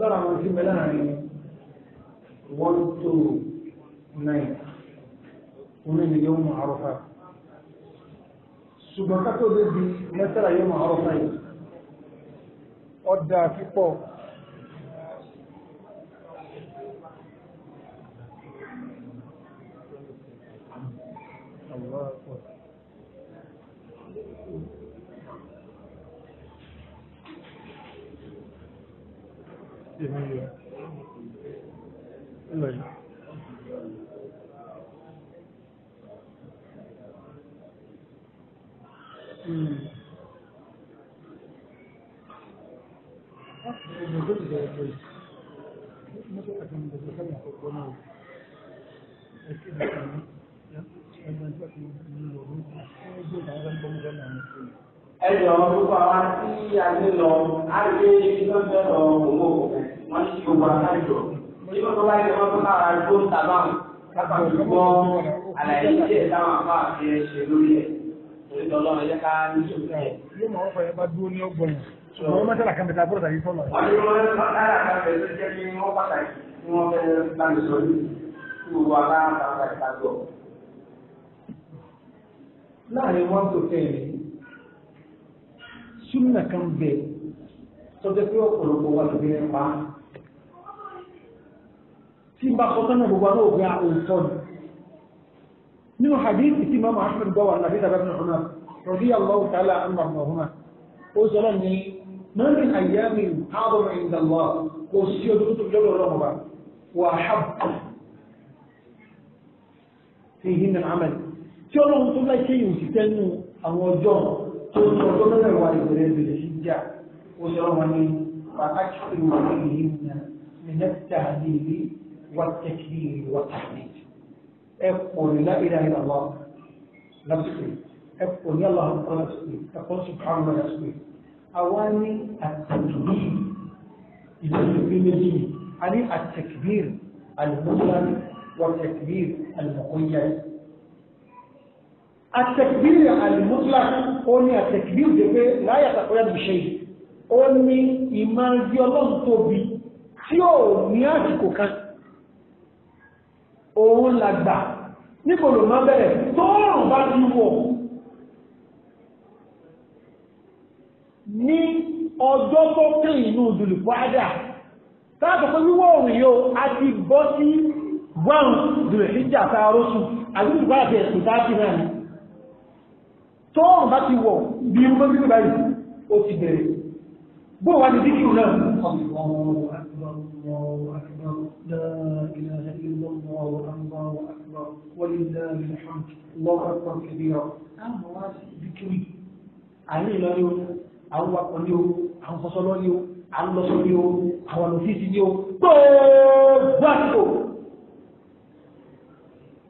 lọ́rọ̀ àwọn tí mẹ́lẹ́ láàrin one to nine oní ni yóò mọ̀ àrọ́fà ṣùgbọ́n ká tó lè di mẹ́tàlá yóò mọ̀ àrọ́fà yìí ọ̀dà pípọ̀ Ẹjọ́ gbogbo àwọn tí a ní lọ, á gbé ibi tó ń bẹ̀rọ̀ wọ́n ti gbogbo àkájọ. Nígbà tó bá yẹ wọ́n tó lára tó ń tàbá wọn, kápá mi gbọ́ àlàyé díẹ̀ táwọn àbá àti ẹ̀ ṣe lórí ẹ̀. Torí tọ́lọ́ ẹ jẹ́ ká ní sùúrù. Yóò máa ń fọ ẹ bá dúró ní ọgbọ̀n. Àwọn ọmọ sára kan bẹ̀rẹ̀ àbúrò tàbí sọ́nà. Wọ́n ní wọ́n sára kan tó jẹ́ kí wọ́n pàtàkì tí wọ́n fẹ́ bá sọ yìí. Tí gbogbo àbá Láàrin wọ́n tó kẹ́rin, súnmọ̀ kan bẹ̀ tọ́jọ́ pé ọ̀pọ̀lọpọ̀ wà lóbi nípa tí n bá kọ́ sọ́nà gbogbo àwọn òbí àwòsọ ni nínú hadithi tí mọ́mọ́ ahmed gbọ́wà nàbí dàbẹ́ bin ọ̀nà rọ̀bí allahu ta'ala amma mahuma ó sọ lọ́nà ní mọ́mí àyàmì ààbọ̀n ìdàlọ́ kò sí ọdún tó lọ́rọ̀ lọ́wọ́ wa wà hábù fi hin nà amẹ́lì tí ọlọ́run tó bá ṣe yìí òṣìṣẹ́ nù àwọn ọjọ́ tó ń sọ tó lọ́rọ̀ wà ìbẹ̀rẹ̀ ìbẹ̀rẹ̀ sí jà ó sọ lọ́wọ́ ní pàtàkì ìwà ìhìn nà mẹ́lẹ́ والتكبير والتحميد اقول لا إله إلا الله نفسي اقول يا الله أكبر نفسي اقول سبحان الله نفسي أواني التكبير يتكبير يعني التكبير المطلق والتكبير المقيد التكبير المطلق هو التكبير لا يتقيد بشيء ó ní ìmọ̀ ẹgbẹ́ ọlọ́run tóbi tí ó òun làgbà níbo ló máa bẹ̀rẹ̀ tóòrùn bá ti wọ̀ ní ọjọ́ tó kàn inú dùlùpáàdà táàbù pé wíwọ̀ òrùn yóò a ti bọ́ sí gbọ́n dùlùpíjà tá a rọ́sùn àti dùlùpáàdà ti ẹ̀sùn tá a ti náà ni tóòrùn bá ti wọ̀ bí irú bá bí irú ó ti bẹ̀rẹ̀ bó wà ní dídì náà الله أكبر لا إله إلا الله الله أكبر ولله الحمد الله أكبر كبيرا أما واسع بكري عليه لا يوم àwọn akọ ní o àwọn sọsọlọ ní o àwọn lọsọ ní o àwọn lọfíìsì ní o gbogbo àtò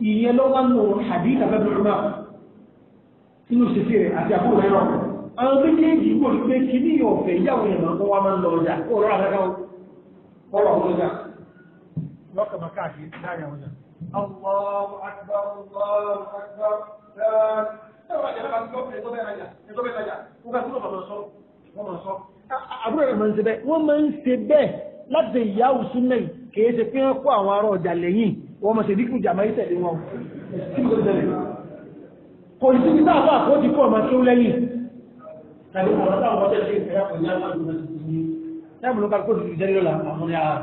ìyẹn ló wá nù hadith abẹ́bẹ́rúmà nínú ṣẹṣẹ rẹ àti àbúrò rẹ rọ àwọn méjèèjì wò pé kíní ọ̀fẹ́ ìyàwó yẹn máa ń wá máa ń lọ ọjà ó rọra kankan o bọ́ọ̀bà wọn lọ́jà lọ́kàmà káàkiri láàrin àwọn ọjà. Allahu akbar Allahu akbar dáadáa. Ṣé wàá jẹ́ láti lọ́kùnrin ẹ̀tọ́ bẹ́ẹ̀ láti ìyá òsùn náà ṣe pé wọ́n àwọn ará ọjà lẹ́yìn wọ́n máa ṣe dínkù jàmá ìtẹ̀lé wọn. Kò sí ní sáà fún àkójì kọ́ ọ̀ma tó lẹ́yìn. Tàbí kò náà mo ló kárí kó dùdú jẹ́ lọ́la àwọn ní ara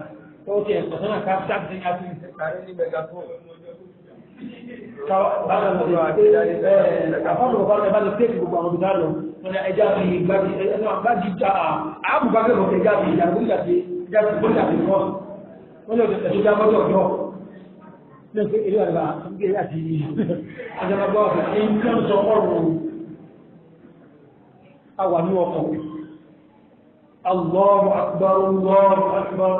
tó ti ẹ̀sọ́ sọ́nà ká sáà ti ká sí. àrí ní mẹgàfóònù. bákan náà àfọ́nù bàbá rẹ̀ bá lọ téèkì gbogbo àwọn olùdá lọ wọn ni ẹja fi gbági ẹja gbági ta àbùbá kẹ́kọ̀ọ́ ẹja fi ìyàrá gbóni àti ẹja fi gbóni àti kọ́ wọn ni ẹ̀sọ́ já mọ́tò ọ̀dọ́ lẹ́sẹ̀ eré àgbà àgbẹ̀ àti ìjọba gbọ́ ọ̀fẹ́ ẹ̀yìn kan sọ ọ̀rùn àwọn àmì ọkọ̀ Allahu akbar Allahu akbar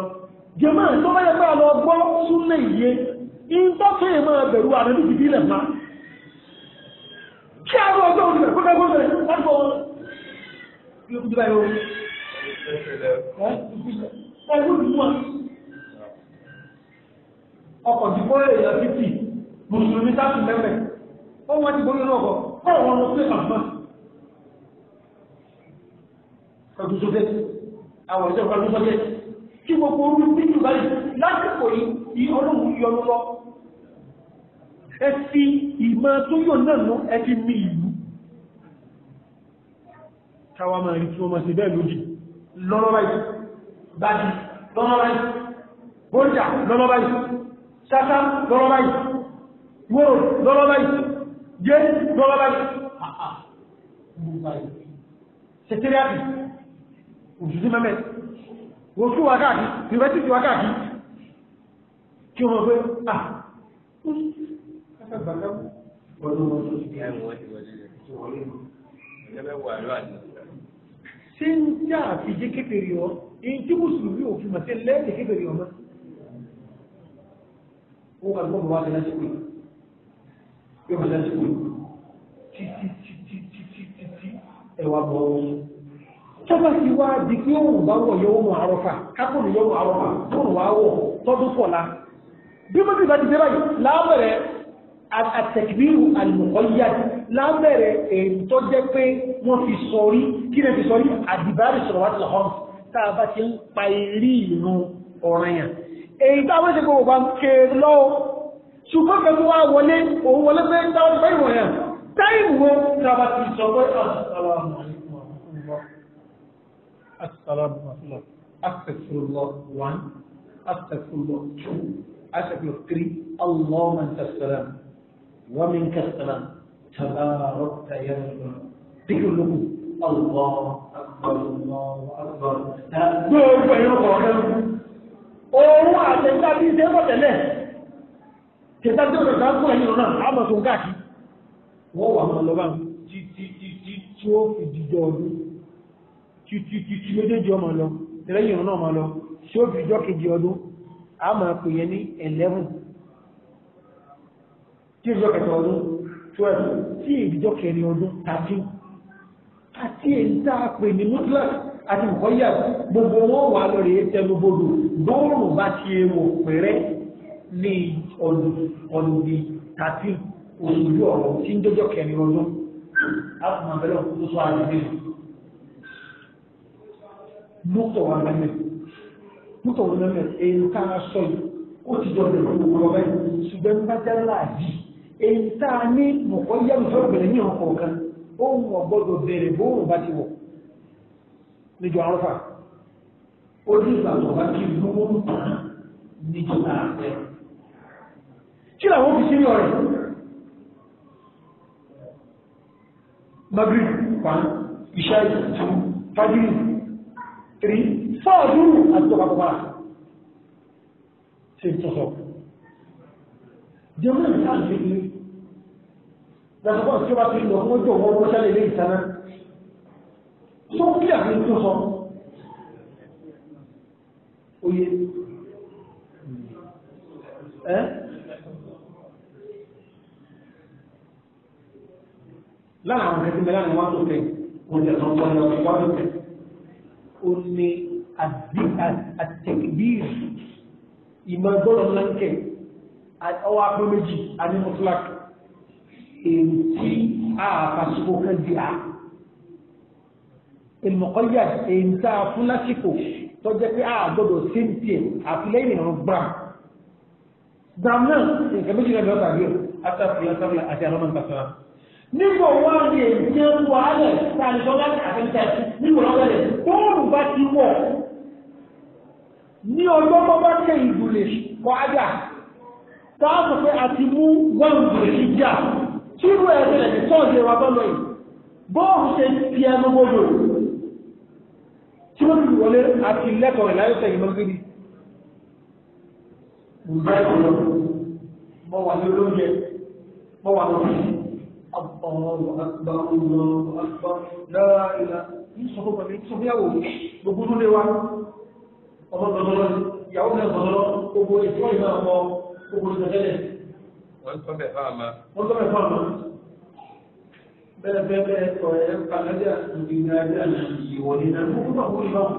jẹ́mọ́ tó bá yẹ pé àlọ́ gbọ́ súnlẹ̀ yìí ń tọ́kẹ́ ìmọ̀ ẹ̀bẹ̀rù àrẹ ní ìdí ilẹ̀ máa kí àwọn ọjọ́ òṣìṣẹ́ pẹ́pẹ́ gbọ́dọ̀ lágbọ́ wọn yóò kú jù báyìí o ẹgbẹ́ òdìmọ́ ọkọ̀ dìbò èèyàn títì mùsùlùmí sáàtù mẹ́fẹ̀ ó wọ́n ti gbóyún náà kọ́ ọ̀rọ̀ wọn lọ sí àgbà ọdún sókè àwọn ìṣẹ́ ìpàdé sọ́jẹ́ kí gbogbo orí pínlú báyìí lásìkò yìí ọlọ́run yọnu lọ ẹ fi ìmọ̀ tó yọ̀ náà mú ẹ fi mi ìlú káwa máa rí tí wọ́n máa ṣe bẹ́ẹ̀ lójì lọ́nà báyìí bájì lọ́nà báyìí bóńjà lọ́nà báyìí ṣáṣá lọ́nà òjìjí mẹ́mẹ́ wọ́n fún wákàtí ìrẹ́tí ti wákàtí kí wọ́n pé ah ṣe ń já àfijé kékeré ọ èyí tí mùsùlùmí òfin màtí lẹ́yìn kékeré ọmọ ó wà lọ́wọ́ wá lásìkò yóò lásìkò títí títí títí ẹwà bọ̀ ọ́n tọ́ba ti wá di pé òun bá wọ̀ yọ òun àrọ́fà kápò ní yọ̀wọ̀ àrọ́fà tóun wá wọ̀ tọ́dún kọ̀la bí mo ti bá ti dé báyìí lábẹ̀rẹ̀ àtẹ̀kìbíru àlùmọ̀kọ́yá lábẹ̀rẹ̀ ètò jẹ́ pé wọ́n fi sọrí kí lè fi sọrí àdìbárì sọ̀rọ̀ wá ti lọ́họ́ tá a bá ti ń pa eré ìlú ọ̀ràn yàn èyí tá a bá ti gbogbo bá ń ké lọ ṣùgbọ́n pẹ̀lú wa wọlé òun wọlé pé táwọn ìfẹ́ ìwọ̀n yàn táìmù wọn tá a bá ti sọ pé àwọn astaghfirullah astaghfirullah one astaghfirullah two astaghfirullah three allahumma anta salam wa minka salam tabarakta ya rabbi dikir lóko allah akbar allah akbar gbogbo ẹ̀yọ́ kọ̀ọ̀kan òun àti ẹ̀ka bíi ṣe é bọ̀ tẹ́lẹ̀ tẹ̀sán tí o lọ sá fún ẹ̀yìn náà àmọ̀ tó ń káàkiri wọ́n wà wọn lọ́wọ́ títí títí tí ó fi dìjọ ọdún títí méjèèjì ọmọ lọ lẹ́yìn ọ̀nà ọmọ lọ tí ó fi jọ́ kejì ọdún a máa pè yẹn ní eleven tí ìjọ kẹta ọdún twelve tí ìjọ kẹrin ọdún thirteen àti èyí tá a pè ní mutlak àti ìkọ́yà gbogbo wọn wà lórí ẹtẹnubodò bọ́ọ̀rùn bá ti wò pẹ̀rẹ́ ní ọdún ọdún bíi thirteen oṣù ojú ọ̀rọ̀ tí ń dọ́jọ́ kẹrin ọdún a kò máa bẹ̀rẹ̀ òkú tó sọ àdúgbò dókítà wà mẹ́mẹ́ dókítà wà mẹ́mẹ́ èyí tá a sọ yìí ó ti jọ bẹ̀rẹ̀ fún wọn báyìí ṣùgbọ́n bá jẹ́ láàjì èyí tá a ní mọ̀kọ́ yá lùfẹ́ bẹ̀rẹ̀ ní ọkọ̀ kan ohun ọ̀gbọ́dọ̀ bẹ̀rẹ̀ bóun bá ti wọ̀ níjọ arọ́fà ó ní ìgbà tó bá kí lówó ń tàn níjọ láàbẹ̀ kí làwọn fi sínú ọ̀rẹ́ magrid one ìṣáì two fagiri three four dúró àti tọ́ka kọ́kọ́ rà ṣe tọ́sọ. jẹ́wọ́n náà sáà ṣe ilé lọ́sọ̀kọ́ tí wọ́n ti lọ fún ọjọ́ wọn wọ́n sálẹ̀ ilé ìtaná tó kí àfi tọ́sọ. oye ẹ́ láàrín àwọn akẹ́kọ̀ọ́ láàrín wọn tó tẹ̀ wọ́n jẹ́ sọ́kọ́ ní ọ̀sán wọn tó tẹ̀ ó ní àtẹ̀kìbíìrì ìmọ̀ gbọ́dọ̀ lọ́nkẹ̀ ọwọ́ apẹ́ méjì àní mutlak èyí tí a àfàṣìkò kan di a ìmọ̀kọ́yà èyí tá a fún lásìkò tó jẹ́ pé a gbọ́dọ̀ sí ń tiẹ̀ àfilẹ́yìn ìrìn gbàm gbàm náà nǹkan méjìlá ni wọ́n tàbí ọ̀ àtàkùn yàtọ̀ àti àlọ́mọ̀ nǹkan sọ́ra. nígbà wọn á lè jẹ wàhálẹ̀ tàbí sọ́dá àfẹ́fẹ́ nígbà wọn bẹ̀rẹ̀ bóòlù bá ti wọ̀ ní ọjọ́ tó bá tẹ ìdùlẹ̀ kọ́ ájà táàbù pé a ti mú wọ́n ìdùlẹ̀ sí jà tí ìlú ẹ̀ bẹ̀rẹ̀ ní tọ́ọ̀dẹ̀ wa bọ́ lọ́yìn bóòlù ṣe fi ẹnu gbogbo tí wọ́n ti wọlé àti الله أكبر الله أكبر لا إله ìṣòro pẹ̀lú ìṣòfíàwò gbogbo ló lé wa ọmọ gbọdọ̀lọ́ ìyàwó náà gbọdọ̀lọ́ gbogbo ìṣòro ìmọ̀ ọmọ gbogbo ìṣòfẹ́lẹ̀. wọ́n tọ́ bẹ̀ fáwọn ma. wọ́n tọ́ bẹ̀ fáwọn ma. bẹ́ẹ̀ bẹ́ẹ̀ bẹ́ẹ̀ sọ ẹ̀ kàlẹ́dẹ̀ àti ìgbìyànjú àti ìwọlé náà gbogbo náà wọ́n ìbáwọn.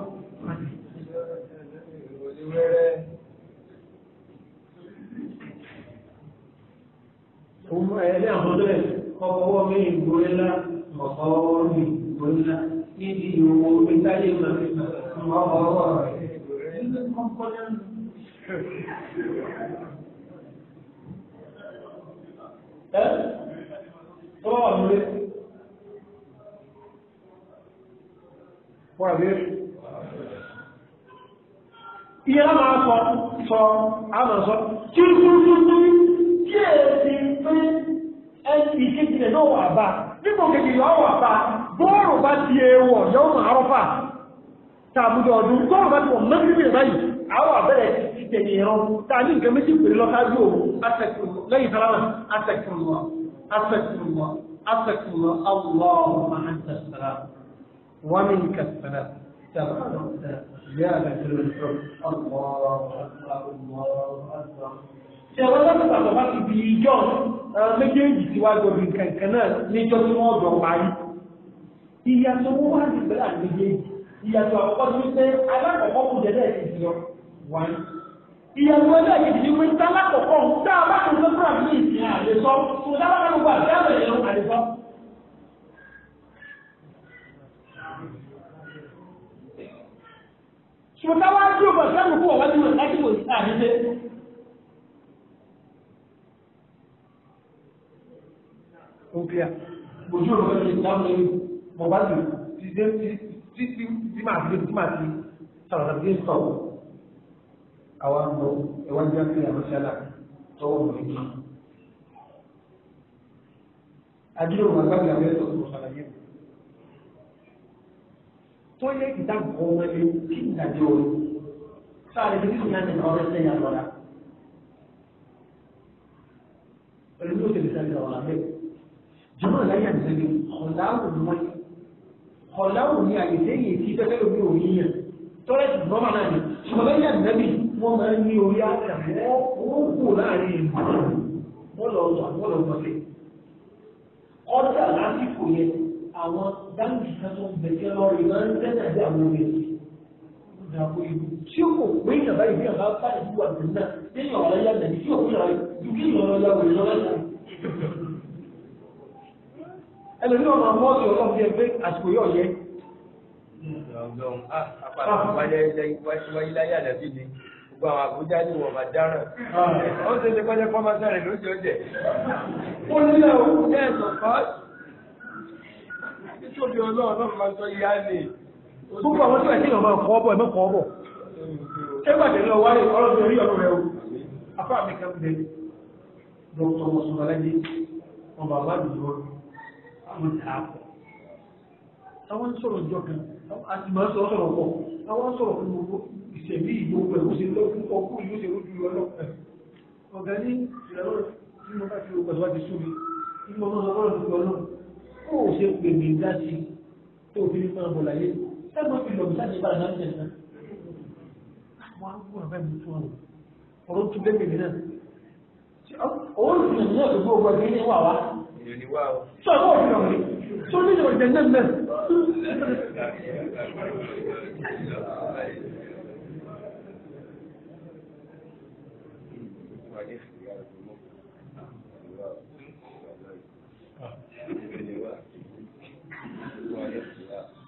Òun ẹ̀ẹ́dẹ́ àwọn ọdọ́ ẹ̀ ọkọ̀ mi ìgbórílá ọ̀pọ̀ ọwọ́ mi ìgbórílá níbi ìwò ìtàlẹ̀ ìmọ̀ ọwọ́ rẹ̀. Ẹ́ tọ́wọ́ mi lé. Wọ́n àbí Iye a máa sọ, sọ, a máa sọ, tí ó tún tún tún, tí èsì pé ẹni ìkejì rẹ̀ náà wà bá nígbà òkèjì yọ wà bá bọ́ọ̀rù bá ti ẹwọ̀ yọ ọmọ àrọ́fà tàbùdọ̀ ọdún bọ́ọ̀rù bá ti wọ̀ mẹ́rin rẹ̀ báyìí àwọn àbẹ̀rẹ̀ ti tẹ̀yìn ìran ta ní nǹkan méjì pèrè lọ́sájú òru lẹ́yìn sálámà asẹ̀kùnmọ̀ asẹ̀kùnmọ̀ asẹ̀kùnmọ̀ اللهم أنت السلام ومنك السلام تبارك يا بدر الحب الله أكبر الله أكبر tẹ̀wọ́n lọ́dún pàtó bá ti di ìjọ méjèèjì tí wàá gbọ́ bí kankan náà níjọ́ tí wọ́n dọ̀ parí. ìyàtọ̀ owó wà ní ìgbéra méjèèjì ìyàtọ̀ àkọ́kọ́ tó ṣe alákọ̀ọ́kọ́ kò jẹ́ lẹ́ẹ̀kì sí lọ wá. ìyàtọ̀ ẹlẹ́ẹ̀kì ti wí tálákọ̀ọ́kọ́ tá a bá tó fẹ́ fúra ní ìsìn àlesọ́ tó dábàá gbogbo àti àbẹ̀yẹ àlesọ́. ṣùgbọ́n táwa dúró bọ̀ sẹ́nu kú ó ojú ọ̀rọ̀ ẹ̀rọ ìdáhùn lẹ́yìn mo bá ti dé tí tí tí màá fi tí màá fi sọ̀rọ̀ tàbí tí sọ̀rọ̀ àwa ń lọ ẹ̀wá ń jáde àmọ́ṣálà tọwọ́ lọ yìí. àdúrà wọn gbàgbé àwọn ẹ̀sọ́ tó ṣàlàyé tó yẹ ìdáàbò ọmọ ẹni kí ìdájọ́ rẹ̀ sáà lè fi kí ìyá nìkan ọ̀rẹ́ sẹ́yìn àlọ́ra. pẹ̀lú bí ó ṣe lè sẹ́yìn jọ̀wọ́ láyà ìṣẹ̀lẹ̀ ọ̀làwò ni wọ́n yẹ ọ̀làwò ni àyẹ̀sẹ̀ yìí ti tẹ́tẹ́ lómi òun yẹn tọ́lẹ̀ tí náà ní ṣùgbọ́n láyà ìṣẹ̀lẹ̀ wọ́n máa ń ní orí àtàwọn wọ́n kù láàrin ìlú wọ́n lọ sọ àwọn lọ sọ́sẹ̀ ọ̀dà lásìkò yẹn àwọn báńkì kan tó ń bẹ̀jẹ̀ lọ́rọ̀ ìlànà tẹ́lẹ̀ àti àwọn obìnrin tí ó kò pé ìjàmbá ìlú yàrá bá ìlú àgbẹ̀ náà lẹ́yìn ọ̀rọ̀ ayé àgbẹ̀ tí ó kú yàrá ju kí ìlú ọ̀rọ̀ yàrá wọlé lọ́wọ́ ẹlòmí ọ̀nà mọ́ọ̀lù ọlọ́bí ẹgbẹ́ àsìkò yóò yẹ. Gbogbo àwọn àbújá ní wọ̀n màdáràn. Ó ṣe ṣe kọ́jẹ́ kọ́ máa sáré lóṣù ọ̀jẹ̀. Ó nílẹ̀ òun jẹ́ ẹ̀sọ̀ kọ́. Títóbi ọlọ́run náà máa sọ ìyá ni. Gbogbo àwọn tí wà sí ìyọ̀mọ̀ kọ́ bọ̀ ẹ̀mọ́ kọ́ bọ̀. Ṣégbàdé lọ wáyé ọlọ́dún orí ọ̀rọ̀ rẹ̀ o. Afá mi kan bẹ̀rẹ̀. Dr. Mọ̀sùn ọmọ àbájú lọ́rùn ló ta pọ̀ àwọn sọ̀rọ̀ ìjọ kan àti máa sọ̀rọ̀ sọ̀rọ̀ pọ̀ àwọn sọ̀rọ̀ fún gbogbo ìṣẹ̀lẹ̀ ìgbogbo ẹ̀ ó ṣe lọ fún ọkú yóò ṣe lójú yọ lọ ọ̀gá ní ìrẹ̀lọ́ tí mo bá fi ọgbà tó bá ti súnmi tí mo máa sọ̀rọ̀ lójú ọlọ́ kó o ṣe pè mí láti tó fi máa bọ̀ láyé sẹ́gbọ́n fi lọ́gbọ́n láti bá àdáńtì ẹ̀sán àwọn ní wá o. sọ àwọn òfin ọ̀rẹ́ tó ní ìrọ̀lẹ́ náà mẹ́.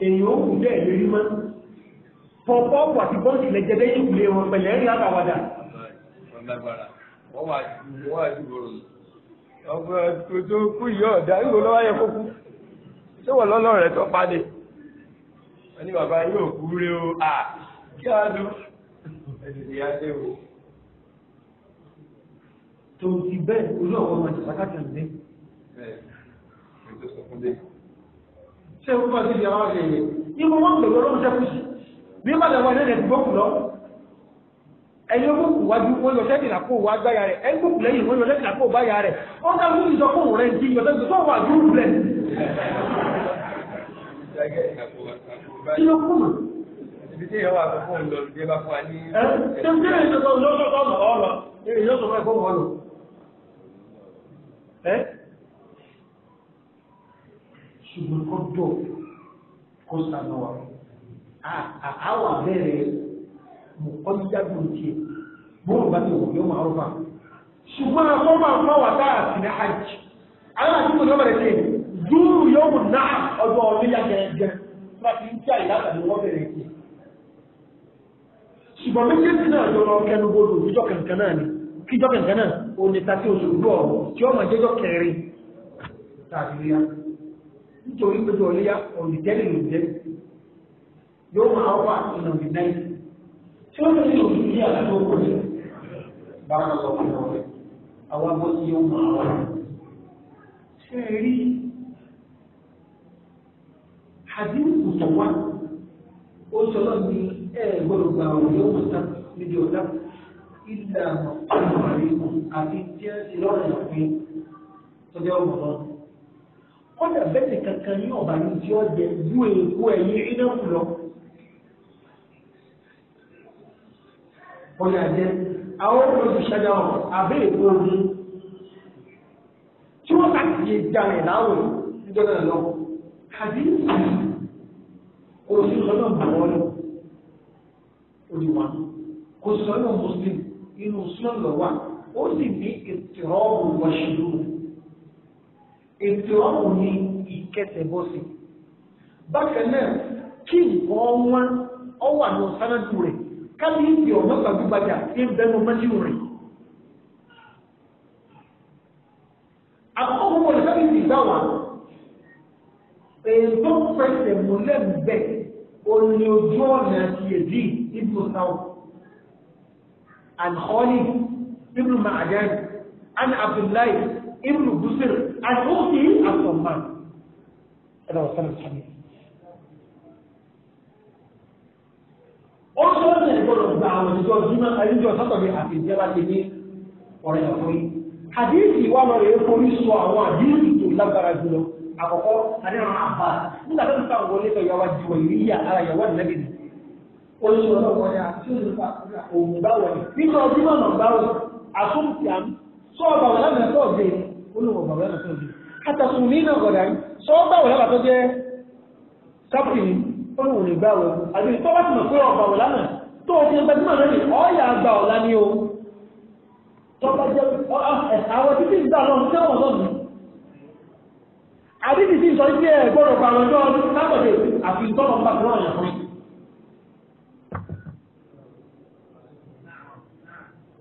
èyí ó kù dẹ́ ìlérí mọ́ pọ̀pọ̀ wà tí bọ́ọ̀sì lẹ́jẹ́ lẹ́yìn ìkùlé wọn pẹ̀lẹ́ rí àbàwàdà. wọ́n lágbára wọ́n lọ ọ̀pọ̀ tó kú yìí ọ̀dà ìwò lọ́wọ́ yẹ kó kú ṣé wọ́n lọ́lọ́ rẹ̀ tó padì wọ́n ní bàbá yóò kú rí o à kí á dùn ẹ̀sìn ìyá dé o. tó ti bẹ́ẹ̀ olú ọ̀wọ́ máa ti pàtàkì ọ̀dẹ́. ṣé o kọ́ sí ìyá wọn ṣe yẹ? ìwọ wọn lò lọ́rùn ṣẹ́kù sí. bí wọ́n lọ wọn lẹ́yìn ẹ̀dùn ẹni ó gbókù wájú wọn yọ sẹ́dìnà kó wá gbáyà rẹ̀ ẹni gbókù lẹ́yìn wọn yọ sẹ́dìnà kó báyà rẹ̀ ó ká lóyún sọ fún rẹ̀ ti yọ sẹ́dìnà tó wà dúró rẹ̀. kí ló kú mà. ibi tí ìyàwó àkókò ń lọ lùdí bá fún wa ní. ẹ ṣé ń tẹ́lẹ̀ ìṣòro lọ́sọ̀tọ̀ ọ̀rọ̀ èyí ló sọ fún ẹ̀kọ́ wọn lò. ẹ ṣùgbọ́n kọ́ dọ̀ kó sànù wa àwọn àbẹ̀rẹ̀ mọ̀kọ́díjáde òtí ẹ̀ bóun bá ti wò yóò máa rọ́bà ṣùgbọ́n akọ́bà fáwà táà sí ní hajj aláàjì kò ní ọmọ rẹ̀ ṣe dúró yóò mú náà ọjọ́ ọ̀lẹ́yà gẹ̀ẹ́gẹ́ láti ń tí àyíká tàbí wọ́n bẹ̀rẹ̀ ṣe ṣùgbọ́n méjèèjì náà jọ lọ kẹnu gbọdọ̀ níjọ́ kankan náà ni kíjọ́ kankan náà ò ta sí oṣù gbọ́ tí ọmọ jẹjọ́ kẹrin tàbí rí nítorí pé ọlẹ́yà ọ̀lẹ́jẹ́ lè lò tí ó tẹ̀lé òfin ní àdúgbò kò sí bákan lọ fún ọ àwọn abọ́ tí yóò máa wà ṣe é rí àdínkù tó wá ó sọ lọ ní ẹ gbọ́dọ̀ gba àwọn yóò máa tán níbi ọ̀dá ìlà àwọn àríkù àti tí ó ti lọ́rọ̀ yàn fún tọ́jọ́ ọmọ náà wọ́n dà bẹ́ẹ̀ kankan ní ọ̀bà ní tí ó jẹ ju èkó ẹ̀yìn iná lọ. wọ́n yà jẹ́ àwọn olùṣẹ́lẹ̀ ọ̀rọ̀ àbẹ́ èkó omi tí wọ́n bá ti dá rẹ̀ láwọ̀ nígbàdà lọ àbí òsì sọ́nà bọ̀wọ́lù olùwà kò sọ́nà muslim inú sọ́nà wa ó sì ní ìtìrọ́ọ̀bù wọ̀ṣìlú ìtìrọ́ọ̀bù ní ìkẹsẹ̀bọ̀sẹ̀ bákan náà kí nǹkan wọn ọ wà ní ọ̀sánádù rẹ̀ kábí ìpè ọ̀nà gbàgbúgbajà ní bẹnu mẹ́sìn rẹ̀. àkókò wọn kábí ìpè gbà wá èyí tó pẹ̀sẹ̀ múlẹ̀ bẹ̀ òní ojú ọ̀nà àti èdè ibùdó sáwọ̀ àlùkọ́lì ibùdó màdánì àni abdullahi ibùdó bùsìrì àti òkè àtọ̀mà. ẹ̀rọ sọ́nà sọ́nà. ó sọ̀rọ̀ ní ìgbọ́dọ̀ gba àwọn ìjọ júmọ́ ẹ̀yìnjọ sátọ̀dẹ̀ àti ìjọba ti ní ọ̀rẹ́ ọ̀fọ́rí. àdéhìí wa lọ rèé sọ àwọn àdéhìí tó lágbára jùlọ àkọ́kọ́ àdéhùn àbá nígbà tó ń ta wọlé lọ yàwá jùlọ ìríyà ara yàwá nàbì ni. olùsọ̀rọ̀ náà yà tí ó lè fa òun náà àtúntì àmì ó lóun lè gbà àbí tó bá ti mọ̀ pé ọ̀gbà wọ̀ lánàá tó o fi ń gbajúmọ̀ lónìí ọ̀ọ́yà àgbà ọ̀la ni o tọ́ba jẹ́ àwọn títí ń gbà lọ́nù tẹ́wọ̀n lọ́nù àbí títí sọ sí ẹ̀ gbọ́dọ̀ pa àwọn ọjọ́ sábọ̀dé àfi tọ́lọ̀ ń bá fún ọ̀yàn fún yìí.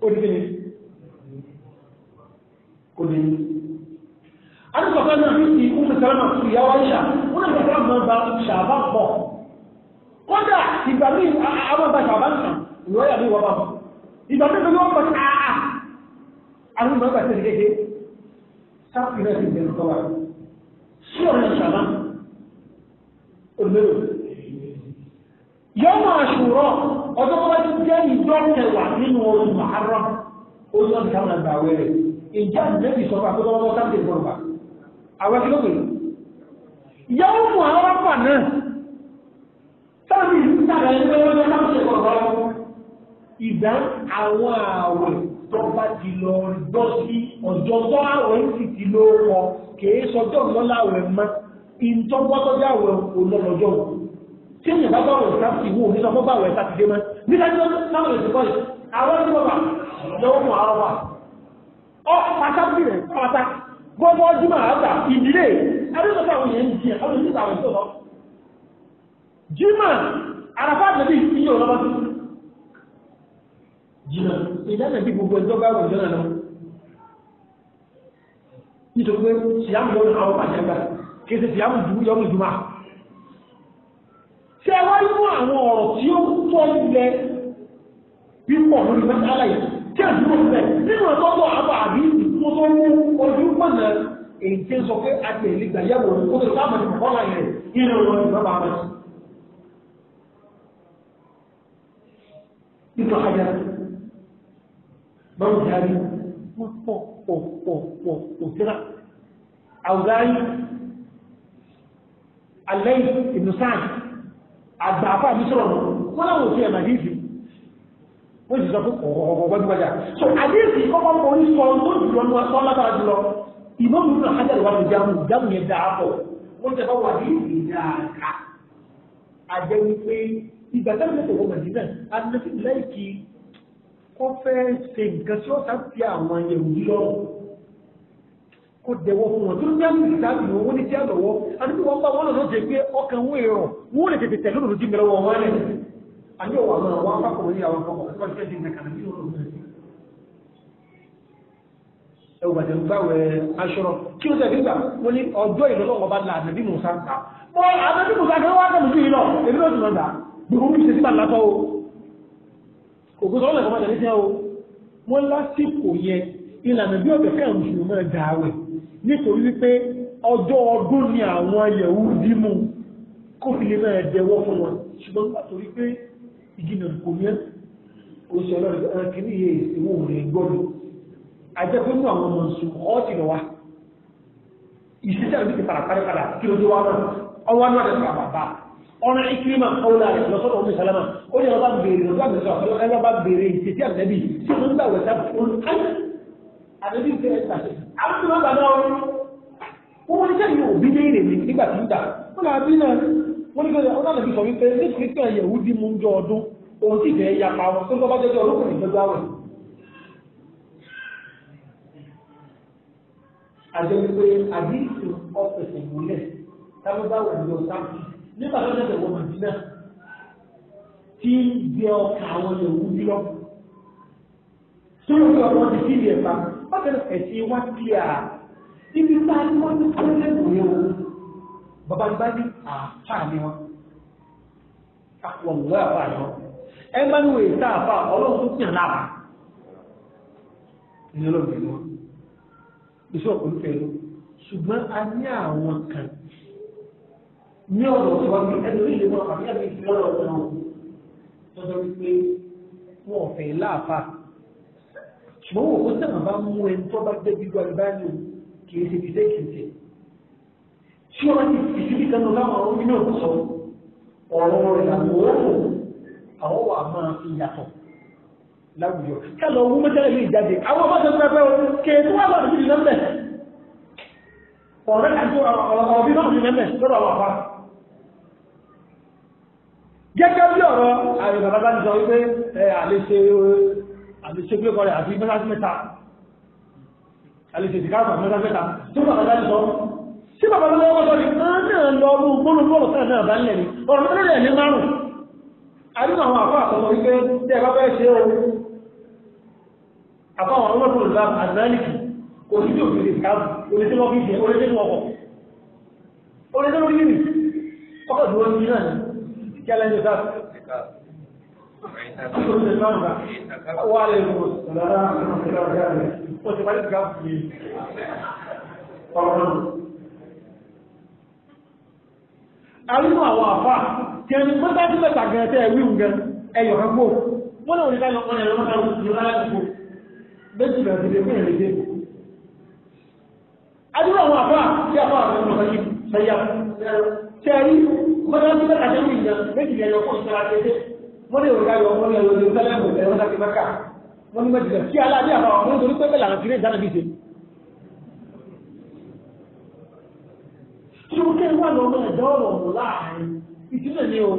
ó ti ní kò ní. àdúgbò kan náà ní ìkú mẹ́tẹ́rẹ́ náà fún ìyá wáyà wọ́n náà fẹ́ràn máa ń ba ṣàbá pọ̀ kódà ìgbà mí àwọn ìbáṣà bá ń sàn lọ́yà mí wọ́n bá wọn ìgbà mí ló wọ́n pàṣẹ àà àwọn ìgbà pàṣẹ ní kéde sáfì náà ti bẹ̀rẹ̀ lọ́wọ́ wa sí ọ̀rẹ́ ṣàmá olóró yọ́mọ̀ àṣùrọ̀ ọjọ́ wọn jẹ́ ìjọ kẹwàá nínú oṣù àárọ̀ ó yọ ní káwọn àgbà wẹ̀rẹ̀ ìjà ìdẹ́bì sọ fún akọ́tọ́ wọn sáfì ìfọ̀rọ̀ wa àwọn ẹgbẹ́ lókè yọ́mọ̀ àwọn àpà náà ní ìlú sára ẹni lọ́wọ́ lọ́wọ́ láti ṣe kọ̀ọ̀kan wọn. ìdá àwọn àwẹ̀ tó bá ti lọ gbọ́ sí ọjọ́ tó àwẹ̀ ń sì ti lọ wọ kìí sọjọ́ lọ́la àwẹ̀ mọ́ ìtọ́gbọ́tọ́jà àwẹ̀ kò lọ lọ́jọ́ wọn. tí èèyàn bá bá wọ̀ sáfì wò ní sọ́kọ́ bá wẹ̀ sátidé mọ́ nígbà tí wọ́n sáwọn èsì kọ́ àwọn tí wọ́n wà lọ́wọ́ mọ̀ àwọn wà. ọ pàtàkì rẹ̀ pàtàkì gbọ́dọ̀ ọdún máa dà ìdílé adé jimá àràfà àtẹ̀bí iye ọ̀rọ̀ bọ́tí jimá ìdánẹ̀bí gbogbo ẹjọ́ bá wọ̀ jọ́nà lọ nítorí pé síyámù lọ́nà àwọn pàṣẹ gbà kéde síyámù dùn yọmù jùmá ṣe wá inú àwọn ọ̀rọ̀ tí ó tọ́ ilẹ̀ pípọ̀ lórí mẹ́tàlá yìí tí a dúró sílẹ̀ nínú ẹ̀kọ́ tó àbọ̀ àbí tó tó mú ojú pọ̀nà èyí tí ń sọ pé àtẹ̀lé gbàyẹ̀wò kó tó sáà mọ̀ ní kọ́lá yẹn ìrìn òun ìgbà bàbá sí. ibùdó àjà báwo ni a rí wọ́n pọ̀ pọ̀ pọ̀ pọ̀ alẹ́yìn ìbùsàn àgbà àpá mi sọ̀rọ̀ wọn òfin ẹ̀mà ní wọ́n sì sọ pé ìgbà táwọn mẹ́tò wọ màdínà àdínàfíì láìkí kọ́ fẹ́ ṣe nǹkan tí wọ́n sáà fi àwọn ẹ̀rù lọ́rùn kó dẹwọ́ fún wọn tó ń dáhùn ìsáàbì wọn wọ́n ní tí a lọ́wọ́ àdúgbò wọn bá wọn lọ́nà jẹ pé ọkàn wọn èrò wọn lè tètè tẹ̀lé olùdí mẹ́rẹ̀ wọn wọn lẹ̀ àní ọ̀wà máa wọn fákọ̀ọ́ ní àwọn ọkọ̀ tó wọ́n fẹ́ dín nǹkan ní olùdí ẹwù bàtẹ̀ ń gbàwẹ̀ aṣọ́rọ̀ kí ó tẹ̀lé gbà wọ́n ní ọjọ́ ìlọ́lọ́wọ́ bá la àdàbí musa ta mọ́ àdàbí musa kí wọ́n wá kàmùsí yìí lọ èmi ló dùn náà gbogbo ṣe títà látọ́ o ògùn sọ́lẹ̀ kọ́mọ́ tẹ̀lé jẹ́ o wọ́n lásìkò yẹn ìlànà bí ọ̀bẹ̀ fẹ́ mùsùlùmí máa dàwẹ̀ nítorí wípé ọjọ́ ọdún ni àwọn yẹ̀wù dímú kó fi lè máa dẹwọ́ fún wọn ṣùgbọ́n nítorí pé ìjìnà kò ní oṣù ọlọ́run ẹran kìíní yẹ ìwò rẹ̀ gbọ́dọ̀ ajẹ́pẹ́ mú àwọn ọmọ nsù ọ́ọ̀tì lọ wa ìṣiṣẹ́ àti ìpàràpàrà padà kí ló dé wá náà ọwọ́ náà ọ̀nà ìkírímà ọ̀nà rẹ̀ lọ́sọ̀rọ̀ omi sálámà ó ní ọba béèrè lọ́sọ̀ àgbẹ̀sọ̀ ọ̀nà ọba béèrè ìtẹ̀tí àgbẹ̀bí tí wọ́n ń gbà wẹ̀sà fún àgbẹ̀bí fẹ́ ẹ̀ta àbúrò máa bàbá ọ̀rọ̀ ó wọ́n níṣẹ́ yóò bí léèrè mi nígbà tí ń dà wọ́n náà bí náà wọ́n ní kọ́ni ọ̀nà àbí sọ wípé nítorí pé àyẹ̀wò di mú jọ ọdún òun sì fẹ́ ya pa wọn tó bá jẹ́jọ́ olókùnrin nígbà tó tẹ̀sẹ̀ wọ màdínà tí ń gbé ọkà àwọn yòówù bí lọ. sórí ọkọ ọmọ ti fi ilẹ̀ pa ẹ̀sìn wá kí a ibi tá ní wọ́n ti kọ́ lẹ́nu yẹn o bàbá bá ní àáfà ni wọn àpọ̀lọ́ àfà ni wọn ẹ bá ní wòye tá àfà ọlọ́run tó kìyàn láàbà ní ọlọ́run ìlú wọn ìṣọ́ fẹ́ lọ ṣùgbọ́n a ní àwọn kan ní ọ̀nà tí wọ́n fi ẹlòmí lè mọ̀ àbí ẹ̀mí fi lọ́rọ̀ ọ̀nà tọ́jọ́ wípé wọ́n fẹ́ láàfà ṣùgbọ́n wò ó sẹ́wọ̀n bá mú ẹni tó bá gbé gbígbọ́ ẹ báyìí o kì í ṣe fi dé kìntì tí wọ́n ti fi síbi kan lọ láwọn ọ̀rọ̀ nínú ọ̀sọ̀ ọ̀rọ̀ rẹ̀ làwọn òòrùn àwọn wà máa fi yàtọ̀ láwùjọ kálọ̀ owó mẹ́tẹ́lẹ̀ jáde àwọn ọmọ tó pẹ́pẹ́ o kéèkó wà lọ́dún sí ọ̀rẹ́ àti ọ̀rọ̀ ọ̀bí náà sí lẹ́mẹ̀ àwọn àbá gẹ́gẹ́ bí ọ̀rọ̀ ààrẹ bàbá bá ń sọ wípé àlèṣe pé kọrẹ àti mẹ́sàtí mẹ́ta àlèṣe ìdíkàpà mẹ́sàtí mẹ́ta tó bàbá bá ń sọ sí bàbá bá lọ́wọ́ sọ ní náà lọ mú gbónú bọ́ọ̀lù sáà náà bá ń lẹ̀ ní ọ̀rọ̀ mẹ́lẹ̀ ní márùn àdínà àwọn àpá àtọ́sọ wípé tí ẹ bá fẹ́ ṣe o àbáwọn ọlọ́dún ìlú àdánìkì kò sí tí òfin ìdíkàpù oríṣi lọ́fíìsì oríṣi lọ́kọ̀ oríṣi lọ́fíìsì ọkọ̀ ìdúró ní náà क्या लेंगे साहब वालेकुम उसके बाद गाँव की àrínú àwọn àfá tí ẹni mọ́tàdí mẹ́ta gẹ̀ẹ́ tẹ́ ẹ̀wí ń gẹ ẹ̀yọ̀ ẹgbó wọ́n lè orílẹ̀ ọmọ ẹ̀rọ mọ́ta ìlú aláàbò méjì rẹ̀ sílé fún ìrìnlẹ̀ àdúrà àwọn àfá tí àfá mọ́tà tí mẹ́ta jẹ́ ìyá méjì yẹn lọ́kọ́ ìtara tẹ́tẹ́ wọ́n lè rọ̀gá yọ wọ́n lè rọ̀gá yọ sálẹ̀ mọ̀tẹ́ wọ́n láti mẹ́ka wọ́n ní mẹ́tì kí aláàbí àbá wọn nítorí pé bẹ́ẹ̀ làwọn kiri ìdáná bí ṣe. tí o kẹ́ wà lọ́mọ ẹ̀dá ọ̀rọ̀ ọ̀rọ̀ láàrin ìtúnẹ̀ ni o.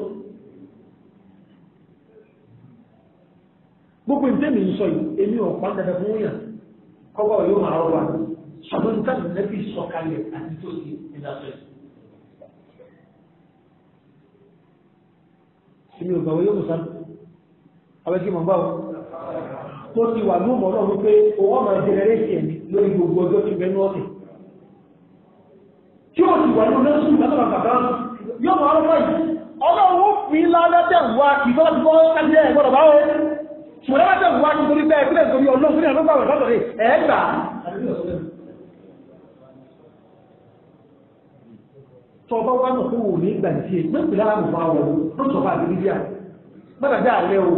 gbogbo ìdẹ́mi ń sọ yìí èmi ò pa dandan fún yàn kọ́kọ́ yóò máa rọ̀ wá ṣàbọ̀n èmi ò gbàwé lóògùn sáà abẹ́kí mọ̀ ń bá wọn. tó ti wà lóòmọ̀ náà wípé owó ọmọ lórí gbogbo ọjọ́ ti bẹ́ẹ̀ tí o ti wà lóòmọ̀ náà sùn lọ́sọ̀rọ̀ bàbá yóò mọ̀ ọ́nà báyìí ọ̀nà fi wá wọn. ṣùgbọ́n wá tọba wa mọ̀ pé wò ní ìgbà tí ẹ gbẹ́pẹ̀ lára mọ̀ máa wọ̀ ló sọ fún àbíbí díà gbọ́dọ̀ dá àlẹ́ o.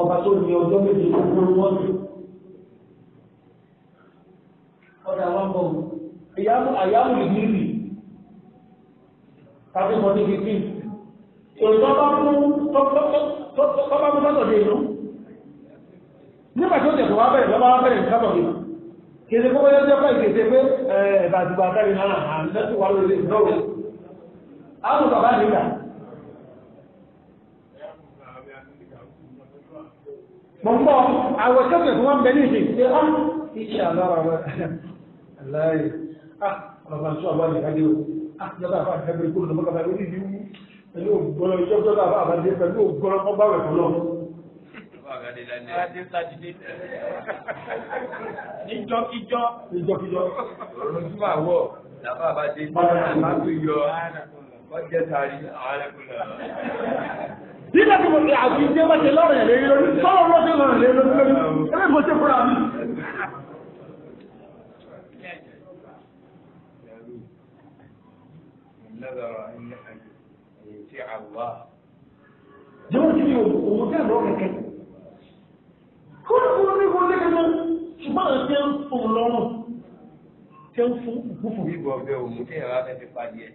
ọba tó ní ọjọ́ méje tó kúrú wọn ní ọ̀dà wa ń bọ̀ àyàwó ìdílì tàbí mọ̀ ní fífi èyí tó bá mú tó bá mú sọ́tọ̀ dé inú nígbà tó tẹ̀sọ̀ wá bẹ̀rẹ̀ lọ́wọ́ wá bẹ̀rẹ̀ nǹkan bọ̀ nínú kèsè kó bẹ́ẹ̀ lọ́pàá ìkèsè pé ẹ̀bà àdìgbà àtàrí náà àǹdẹ́sù wà lórí ìdánwò àwọn bàbá nígbà mọ̀ ń bọ̀ àwọn ìkẹ́kẹ̀ẹ́ tó wọ́n bẹ ní ìsìn ṣe ọ́n iṣẹ́ àlọ́rọ̀ àwọn aláì ah, ọ̀bà tó àwọn ìkàdé o ah, jọba àbá ìkàdé kúrò lọ́mọ́kàbà lórí ìlú pẹ̀lú ògbọ́n ìjọba àbá àbá jáde lálẹ́. Sátidé sátidé. Ìjọkíjọ. Ìjọkíjọ. Olùsúmọ̀ àwọ̀ làbá àbájé tí wọ́n máa tó yọ ọjọ́ tari àárẹ̀kùnrin. Nígbà tí mo ṣe àbí ṣé wọ́n lọ́rọ̀ ẹ̀lẹ́ lórí, sọ́rọ̀ ló ṣe lọ́rọ̀ ẹ̀lẹ́ lórí lórí, mo ṣe fúnra mi. Jẹ́wọ́n kí ni òun tẹ́ lọ́rọ̀ kẹ̀kẹ́ kúrò fún onígun lẹ́gbẹ̀ẹ́ ṣùgbọ́n àwọn tí ń fún lọ́rùn tí ń fún ìgbúfù. ìgbọ̀ ọ̀bẹ òmù tí ìyàrá fẹ́ fi parí ẹ̀.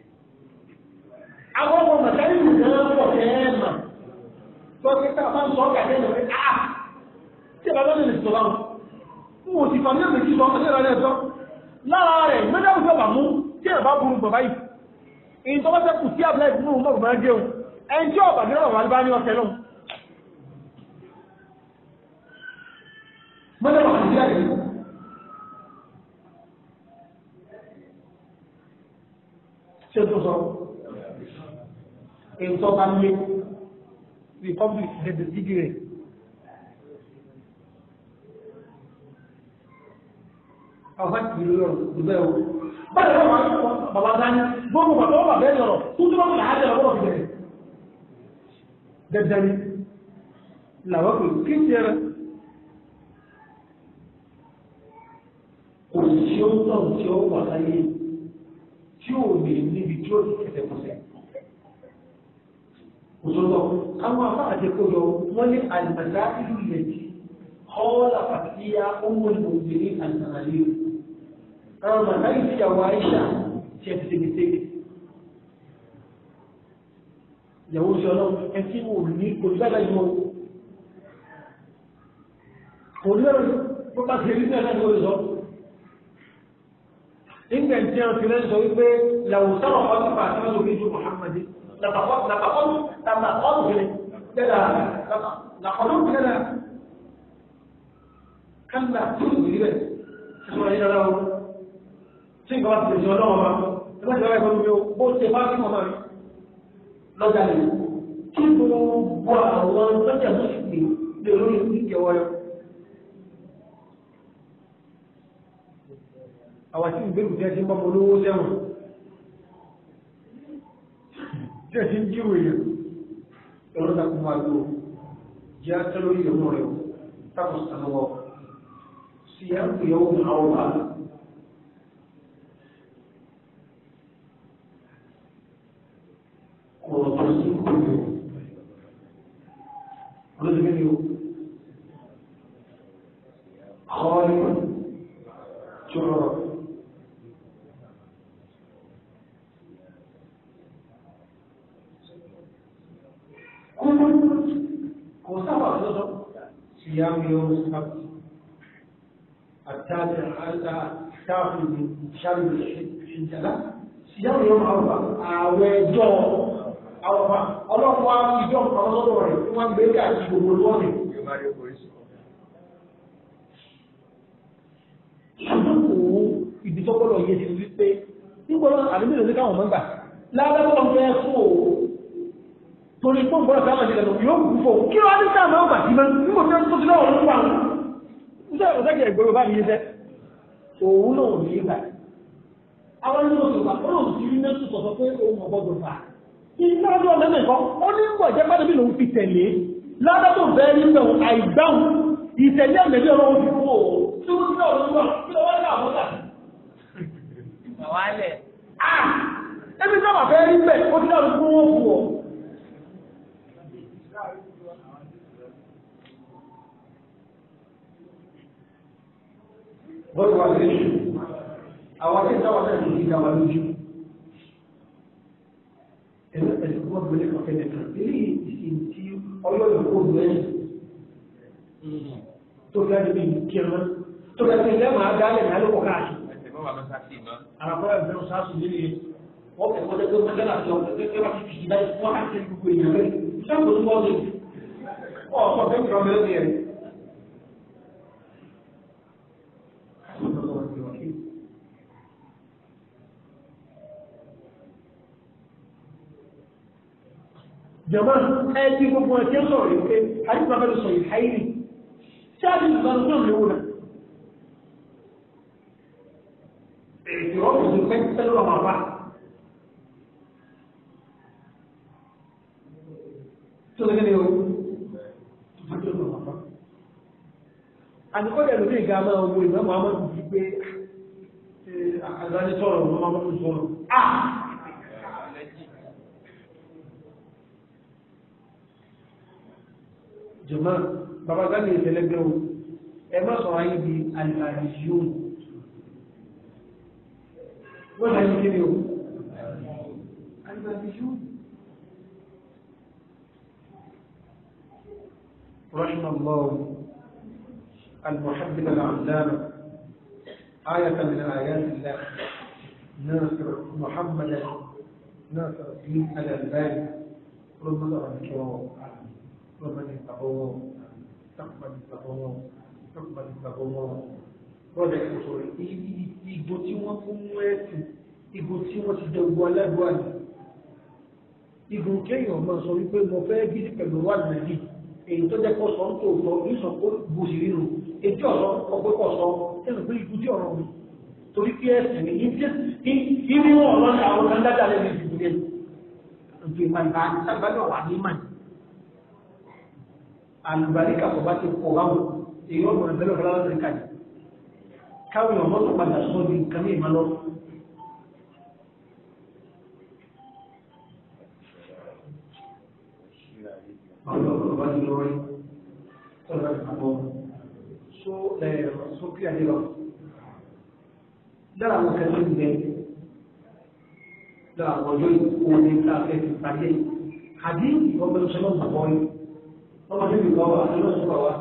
àwọn ọmọ màkàrí ìlú náà pọ̀ kẹ́ẹ̀mà dókítà máa ń sọ ọ́kà kẹ́ẹ̀mà pé a ah, tí ìyàrá lọ́dún lè sọ̀rọ̀ àwọn òsì fàmí ẹ̀mí kí sọ ọ̀kà lẹ́rọ ẹ̀sọ́ lára rẹ̀ mẹ́tàlú fẹ́ wà mú tí ìyàrá burú bàbá yìí ìyìn tó bá fẹ́ kù sí àbúlá ìbúrú mọ̀ mọ́tò wà ní ìyá ìlú. ṣé o tó sọ ètò ọba ní republic ṣẹ̀dẹ̀ dídì rẹ̀. ọba ti lọ dùbẹ́ o. báyọ̀ náà wọ́n bàbá dání gbogbo bàbá wọn bàbá ẹ̀ lọ̀rọ̀ tó tó bá wọn làá jẹ̀rọ̀ bẹ̀rẹ̀. dẹ̀dẹ̀rẹ̀ làwọn kò kí ń jẹrẹ. kò sí ó tàn tí ó wà láyé tí ò lè níbi tí ó ti kẹsẹ̀kọsẹ̀. Òtútọ́, àwọn afáàjẹ kó lọ, wọ́n ní àlùmọ̀dá ìlú ilẹ̀ tí kọ́ọ́lá fàtíyá ọmọ ìmọ̀gbìn ní àlùmọ̀lẹ́ o. Àwọn màdá ìfìyàwó àìsà ti ẹ̀ ti tẹ̀gẹ̀tẹ̀gẹ̀. Ìyàwó ṣe ọlọ́run ẹ tí wò ní kò ní bẹ́ẹ̀ lọ. Kò ní bá ti rí bẹ́ẹ̀ lọ́wọ́ nígbà tí a fi ránṣọ wípé làwùsọ̀rọ̀ ọdún bá sọ́dọ̀ bí ju Muhammad làkọ̀ọ́dún kẹlẹ̀ kálá tó ìrírí rẹ̀ ṣùgbọ́n ẹ̀yìn ọ̀rọ̀ tí nǹkan bá ti tẹ̀sí ọlọ́wọ́ bá ẹgbẹ́ ìjọba ìgbọ́n mi ó bó ṣe bá fún ọmọ rẹ̀ lọ́jà lè kí gbogbo àwọn lọ́jà tó sì lè lórí ìkẹwọ́ yọ àwọn tí ìgbèrú jẹ́ tí ń bọ́mọ olówó sẹ́wọ̀n jẹ́ tí ń jíwò èèyàn ẹ̀rọ takùn wà lóò jẹ́ tẹ́lórí ìyọ̀mọ̀ rẹ̀ tápọ̀ sí ẹ̀rù ìyọ̀wò àwọn ọ̀bá jàǹdà káfíìnì ṣàlùmí ìjàlá síyàwó yóò máa wà àwẹ̀ ẹjọ́ àwọn ọlọ́pàá wa fi ìjọ nǹkan lọ́dọ̀ rẹ̀ tí wọ́n gbé káàkiri gbogbo lọ́ọ̀nì. àdókòwò ìdítọ́gbọ́dọ̀ yẹ ti wípé nígbọ́dọ̀ àdúgbò ìlú káwọn mọ́gbà lábẹ́kọ̀ọ́ fẹ́ kó o torí pọ́ gbọ́dọ̀ sáwọn ìdílé lọ yóò kú fún kí wọ́n á ní sáà máa gbà sí mọ́ nígbà tó ti lọ́wọ́ ló wà ń. ó sẹ́yìn ìgboro bá mi yé sẹ́ òun náà lè gbà. Àwọn ẹni tó sọ̀rọ̀ ó ti rí Nésù sọ̀tọ̀ pé òun ò gbọdọ̀ fà. ó ní ń pẹ́lú bí lòun fi tẹ̀lé. bẹ́ẹ̀ ní bẹ̀rù àìgbáhùn ìtẹ̀lé ọlọ́run fi ó. Tí kí ọrụ lọ́wọ́ bọ́ọ̀lù wà lórí àwọn tí ìta wọn náà ní ìta wà lójú ẹ̀rọ ẹ̀sìn kọ́ gbélé kan fẹ́lẹ̀ kan ilé ìsìn tí ọlọ́run kò gbé tó fi láti bí kírun tó fi láti bí lẹ́mọ̀ àgbálẹ̀ náà ló kọ́ káàkiri. ẹ̀sìn mọ́ wà lọ́sà sí ìmọ̀. àràpọ̀ ẹ̀fẹ́ ọ̀sà wọ́n fẹ́ kọ́ tẹ́tẹ́ mọ́tẹ́lá tó tẹ́tẹ́ wá sí ìdájọ́ wọ́n á ti gbogbo èèyàn rẹ̀ sọ́kùnrin bọ́ọ̀lù ọ̀sọ̀ jọba ẹbí gbogbo ẹtí ń sọ̀rọ̀ yìí pé àdìgbà bẹ́ẹ̀ sọ yìí háyìrì tí a ti gbà ń gbọ́n lówó náà. èyí ọ̀rọ̀ tó pẹ́ sẹ́lẹ̀ ọmọ àbá. tó lè ní o tó pẹ́ sẹ́lẹ̀ ọmọ àbá. àdìgbọ́dẹ̀ lórí ìgbà máa wo ìgbà máa máa dùn sí pé ah, àgbáyé sọ̀rọ̀ ọmọ máa máa sọ̀rọ̀. Ah! جماعة بابا قال لي تلقوا اما صعيب الفارسيون وش هل يكريو الفارسيون رحم الله المحبب العلامة آية من آيات الله ناصر محمد ناصر الدين الألباني رضي الله عنه ومن اتقوا تقبل اتقوا تقبل اتقوا rọ́dà ìkòsòrò ìgbò tí wọ́n fún mú ẹ̀sìn ìgbò tí wọ́n ti dẹ̀gbò alágbà ní ìgbò kéèyàn máa sọ wípé mo fẹ́ gidi pẹ̀lú wà nàìjí èyí tó jẹ́ kó sọ ń tòótọ́ ìsọ̀ kó gbòsì nínú etí ọ̀sọ́ ọgbẹ́ kọ̀ sọ ẹnu pé ikú tí ọ̀rọ̀ mi torí pé ẹ̀sìn ní ìdí wọn ọ̀rọ̀ àwọn kan dáadáa lẹ́nu ìdìbò yẹn àlùbáríkà kò bá ti pọ̀ báwọn èyí ọ̀gbọ̀n ìbẹ́lẹ̀ ọ̀fẹ́ láwọn ìrìnkà yìí káwọn ọmọ tó padà sọ di nǹkan ní ìmọ̀ lọ. àwọn ọmọ bá ti lọ rí tọ́lá ti pọ̀ só só kí adé lọ. dára àwọn kẹsàn-án ti bẹ dára àwọn ọjọ́ ìkó ní ká fẹ́ ti pàdé àdéhùn ìfọwọ́sọ́nà bàbá yìí ọmọ níbi kan wà ló lọ́sùn wà wá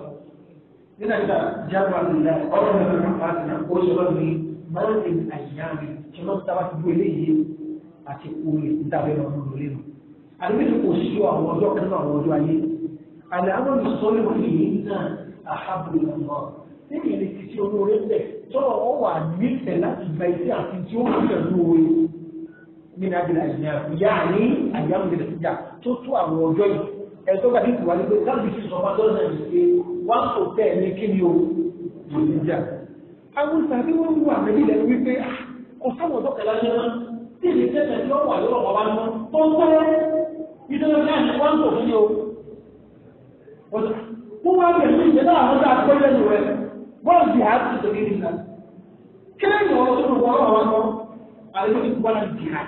nínú àti jábọ̀ àlùlá ọ̀rọ̀ náà lọ́sùn wà sí ó ṣe lọ́dún ní mọ́lẹ́sì àyíyá mi ṣe lọ́sùn táwa ti dúró eléyìí àti orí ìdábẹ́ náà ló lé nù. àdébìtì kò sí àwọn ọjọ́ kan náà àwọn ọjọ́ ayé àlẹ́ àwọn ìsọ́lẹ̀ wọn yìí náà àhábù ìlànà nínú ìrìn títí olóore ń bẹ̀ tọ́lọ̀ wọn wà nífẹ̀ẹ́ láti gba iṣẹ́ àti tí ó ń pẹ̀lú oore nínú àbílà ìyá ní àyà ń tó tó àwọn ọjọ́ yìí ẹ̀tọ́ bá dìbò wà nígbè láti fi sọ fún ọdún ẹ̀mí pé wọ́n kò tẹ̀ ní kí ni o kò ní jà. àwọn sàbí wọn wù àmì ilẹ̀ wípé ah, kò sáwọn ọ̀dọ́ kẹlá ní wọn tí èdè tẹ̀sẹ̀ tí wọ́n wà lọ́wọ́ wọn bá mọ́ tó ń pẹ́ ìdánwò náà ni wọ́n kò ní o. wọ́n wá bẹ̀rẹ̀ sí ìjẹ́ náà àwọn tá a kọ́ lẹ́nu rẹ̀ wọ́n di àti ìtòkè nìta. kílẹ̀yìn ọ̀rọ̀ tó ń wọ́n wọn kọ́ àlejò ìgbọ́n náà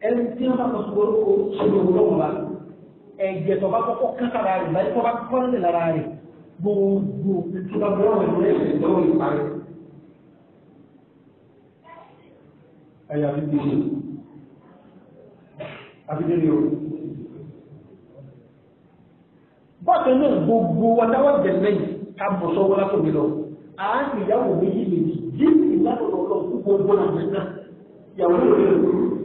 ẹni tí wọn bá kọ sọgbọn o ṣòro lọ́wọ́ wa ẹ̀jẹ̀ tó bá kọ́kọ́ kákàrà rẹ̀ báyìí tó bá kọ́kọ́ nílẹ̀ lára rẹ̀ gbogbo tó bá bọ́ ọ̀rọ̀ rẹ̀ ṣe lọ́wọ́ ìparí. ẹ̀yà bíbí ṣe àbídé ni o. bọ́ọ̀tù náà gbogbo ọ̀dáwọ̀ bẹ̀rẹ̀ yìí ká bọ̀ sọ́wọ́ látòmí lọ à ń ìyàwó méjì méjì jíìpì látòlọ́lọ́ gbogbo ọ̀gbọ́n àgbẹ̀ náà ìyàwó rẹ̀ lọ́wọ́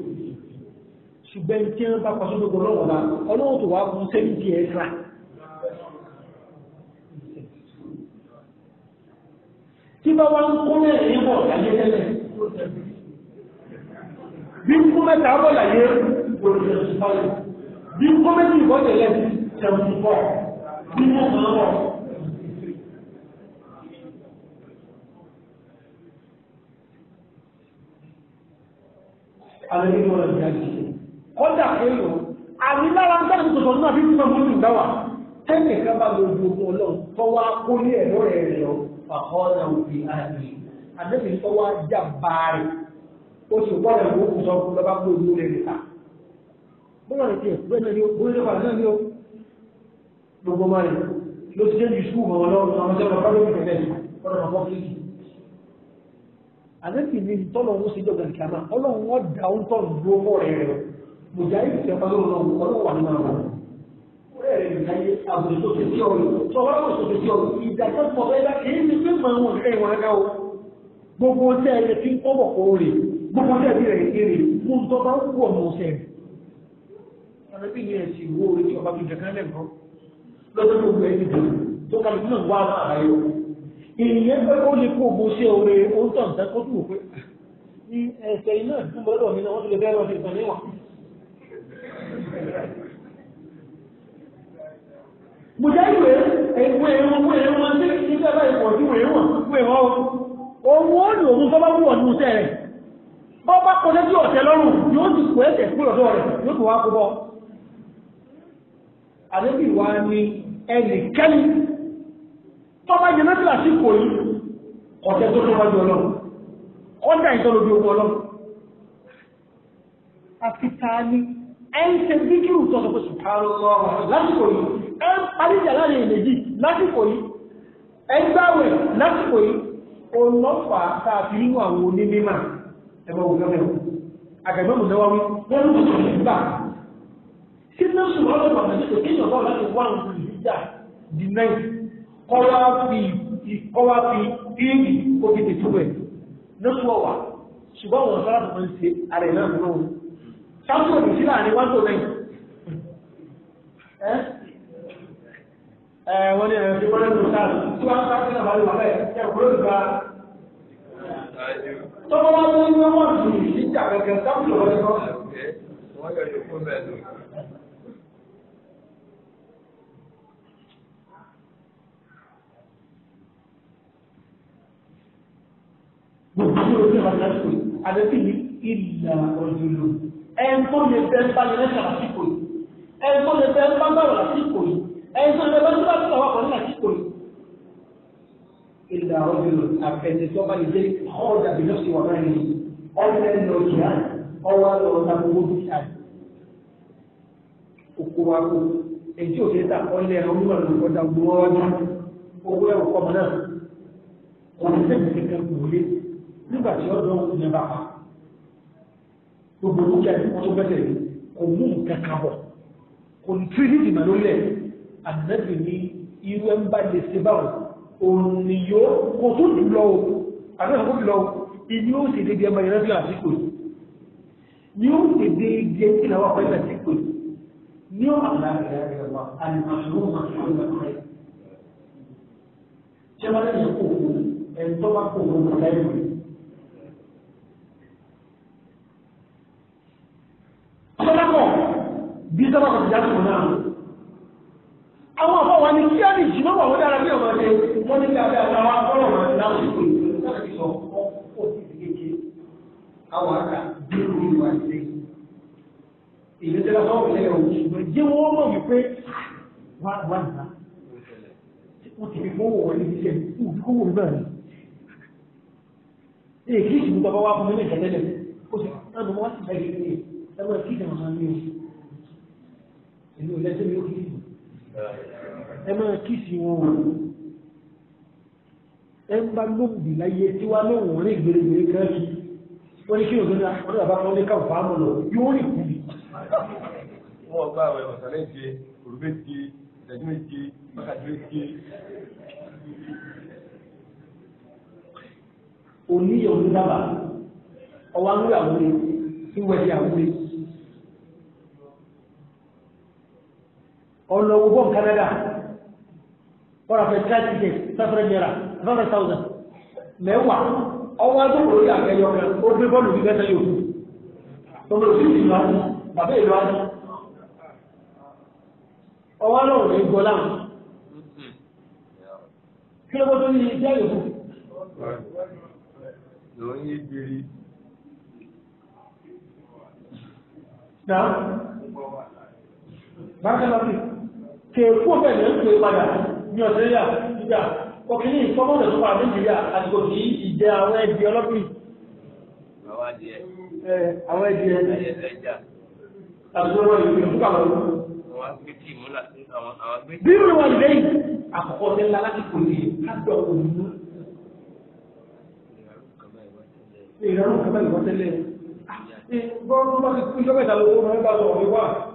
ṣùgbẹ́ tí wọ́n bá pàṣẹ gbogbo lọ́wọ́ náà ọlọ́wọ́ tó wá fún sẹ́yìn tí ẹ sá. tí bá wá ń kó mẹ́rin ní bọ̀ láyé tẹ́lẹ̀ bí kó mẹ́ta bọ̀ láyé bí kó mẹ́ta ìbọ̀ tẹ́lẹ̀ seventy four bí wọ́n máa wọ̀. Alẹ́ nínú ọ̀rọ̀ ìdájí kọ́dà kéèlò àmì lára ń sáré tuntun náà bí wọ́n mú un dáwà tẹ́lẹ̀ ká bá lójú ogun ọlọ́run tọ́wọ́ akólé ẹ̀ lọ́rẹ̀ rẹ̀ lọ fàkọ́ọ́nà òbí àdì àdébì tọ́wọ́ ajá báárì oṣù pọ́ọ̀rẹ̀ ló kù sọ fún lọ́ba gbé ojú rẹ̀ níta. bọ́lá rẹ̀ tiẹ̀ bẹ́ẹ̀ ni ó bóyá wà náà ni ó gbogbo máa rẹ̀ ló ti jẹ́jú sùkúù mọ́ ọlọ́run àwọn ọjọ́ bàbá lórí ìpínlẹ̀ ọ̀rọ̀ àwọn fíìkì. àdébì ni tọ́lọ̀ ń ṣe jọ̀gàn kàmá ọlọ́run wọ́n dà ó ń tọ́ mùjáyìí ti ẹ̀fọ́ lóun lọ́wọ́ ọlọ́wọ́ wà nínú àwọn ọ̀rẹ́ rẹ̀ nìyáyé àbòsò ti sí ọ̀rọ̀ tọ́wọ́ àbòsò ti sí ọ̀rọ̀ ìdájọ́ pọ̀ bẹ́ẹ̀ bá èyí ni pé màá wọn ṣe ìwọ̀n ẹ̀ka o gbogbo tẹ́ ẹ ti ń kọ́bọ̀ kó rè gbogbo tẹ́ ẹ ti rẹ̀ ké rè mú tọ́ bá wù ọ̀nà ọ̀sẹ̀ rẹ̀. àbẹ́bí yẹn ti wo orí tí ọba tuntun kan lẹ́nu lọ́dọ́ tó gbẹ ẹni tó kàlí fún wa máa o. èèyàn pé ó lè kó bó ṣe oore ó ń tàn tán kó tù wò pé ẹsẹ̀ iná ìdúgbò lọ́dọ̀ mi náà wọ́n ti lè fẹ́ lọ́ọ́ fi níwọ̀n. ẹ̀wọ̀n tí wèé wọ̀n wèé wọ́n o òun ó lò òun sọ́bá wúwọ̀ ní oṣẹ́ rẹ̀ ọba kọjá tí ọ̀tẹ́ lọ́rùn yóò ti kó ẹ̀tẹ̀ kúrò lọ́dọ̀ rẹ̀ yóò tó wá kó bọ́ àdébì wa ni ẹnìkẹ́ni tọ́ba jẹ́ mẹ́tìlá sí kò yìí ọ̀tẹ́ tó tó wájú ọlọ́run ọ̀dà ìtọ́lójú ogun ọlọ́run àti tani ẹ̀ńtẹ̀ bíkírù tọ́sọ̀ pé sùkárọ̀ lọ́wọ́ lásìkò yìí ẹ̀ ń parí ìjà láàrin ìlèjì lásìkò yìí ẹgbàwẹ̀ lásìkò yìí ọlọ́fà káàkiri nínú àwọn onímímà ẹgbẹ́ ògbẹ́mẹ́ àgbẹ̀mọ́mù náwà wí wọ́n ló sọ nígbà sí náà sùn ọdún bàbá sí òkè ìjọba láti wá nǹkan ìjà di náà kọ́wá fi kọ́wá fi bíìlì òkè tètúbẹ̀ lọ́sùn ọ̀wà ṣùgbọ́n wọn tó ṣe náà òkè wọ́n ní ẹ̀rọ tí wọ́n lẹ́nu sáà tí wọ́n bá kílà bàálù wàlẹ̀ kí ẹ̀kúrò ìgbà. tọ́wọ́ wá tó ní wọ́n sì ìjà gẹ̀gẹ̀ sáfù lọ́wọ́ ẹ̀kọ́. Gbogbo orí ọ̀rọ̀ lásìkò yìí, àdébí ní ìlà ọ̀dùnlù. Ẹ̀ ń lè bẹ́ẹ̀ bá lẹ́sẹ̀ lásìkò yìí. Ẹ̀ lè bẹ́ẹ̀ bá bẹ̀rẹ̀ lásìkò yìí ẹ̀sán ẹ̀rọ tó bá tọ̀wọ́ kan náà kíkò ní. ìlà ọ̀gbìn àfẹ̀sẹ̀ tó bá lè ọ̀dà bí lọ́sí wà náà yìí ọ̀lẹ́ lọ kíá ọwọ́ lọ ọ̀dà gbogbo bí i àyè. wa ko èyí ò tẹ́tà ọ̀lẹ́ ọ̀nùmọ̀ lọ́dà gbogbo ọ̀dà owó ẹ̀rọ kọ́mọ náà wọ́n ti fẹ́ẹ̀ kẹ́kẹ́ gbòòlé nígbà tí ọ̀dọ́ ìjọba pa gbogbo dúkìá ìfọ́tò bẹ́sẹ̀ kò mú nǹkan kan bọ̀ kò ní tírídìí màlúù ànábì ní irú ẹ̀ ń bá lè ṣe báwọn òní kò tó jù lọ o àbẹ́ ìkó jù lọ o ìní ó sì dédé ẹgbẹ́ ìrẹ́bí àsìkò ní ó sì dédé ìlà wà pẹ́lú àsìkò ní ó àlá ìrẹ́bí wa àlùmọ̀ṣòro màṣòro ìgbàkúrẹ́ ṣé wọ́n lẹ́yìn kò kò ẹ̀ńtọ́ bá kò kò kò lẹ́yìn rẹ̀ sọ́dọ̀kọ̀ bí sọ́dọ̀kọ̀ ti dá sọ̀rọ̀ náà àwọn àbọ̀ wa ni kí á ní ìjìnà wà wọ́n dára bí ọmọ ṣe wọ́n ní dáadáa ara wa wọn láwọn ìlú ìlú náà ti ti di àwọn àgbà bí orí wa ṣe. ìlú tẹ́lá sọ́wọ́ ìlẹ̀ ọ̀hún ṣùgbọ́n jẹ́ wọ́n mọ̀ wípé wà wà nà wọ́n ti fi fowó wọlé iṣẹ́ òbí kówó náà ni. èyí kí ìṣubú bàbá wa fún mi ní ìtẹ́lẹ̀ ó ti ah, ẹ máa kíìsì wọn o ẹ ń bá lóògì láyé tí wàá lóògùn rí gbèrègbèrè kan kí wọ́n ní kí òun náà wọ́n ní bàbá kan ní káwọn fàámù lọ yóò rìn kú mi. wọ́n gba àwọn ọ̀sán ẹ̀ ṣe òrùbẹ́ ti ìdájú méje wákàtí méje. oníyẹ̀ onídàbà ọwọ́ àwọn ìyàwó rẹ̀ ìwẹ̀dì àwọn rẹ̀. ọlọ́wọ́ bọ́n Canada wọ́n rà fẹ́ twenty days seven naira seven thousand mẹ́wàá ọwọ́ adúgbò yìí àgbẹ̀yọ kan ó gbé bọ́ọ̀lù bí bẹ́tẹ̀ yòókù tọ́lọ̀ sí ìlú wa bàbá ìlú wa ọwọ́ lọ́wọ́ ní gbọ́ láwọn kí ló bọ́ tó ní bákẹ́lọ́pì kèèkú bẹ̀rẹ̀ ń pè padà ní Australia nígbà ọkìní ìfọ́mọ́dọ̀ tó padà Nàìjíríà àdìgbò kì í ìjẹ àwọn ẹ̀dì ọlọ́pì. àwọn adìẹ. àwọn adìẹ. àdúgbò ìlú ìlú kàwọn ìlú. àwọn agbé tí ìmúlà àwọn agbé. bí mo wà lẹ́yìn àkọ́kọ́ ní ńlá láti kò ní kájọ òmìnú. ìrọ̀rùn kàmẹ́lì wọ́n tẹ́lẹ̀. Ah, bọ́ọ̀rù bá ti kú ìjọba ìtàlówó mọ́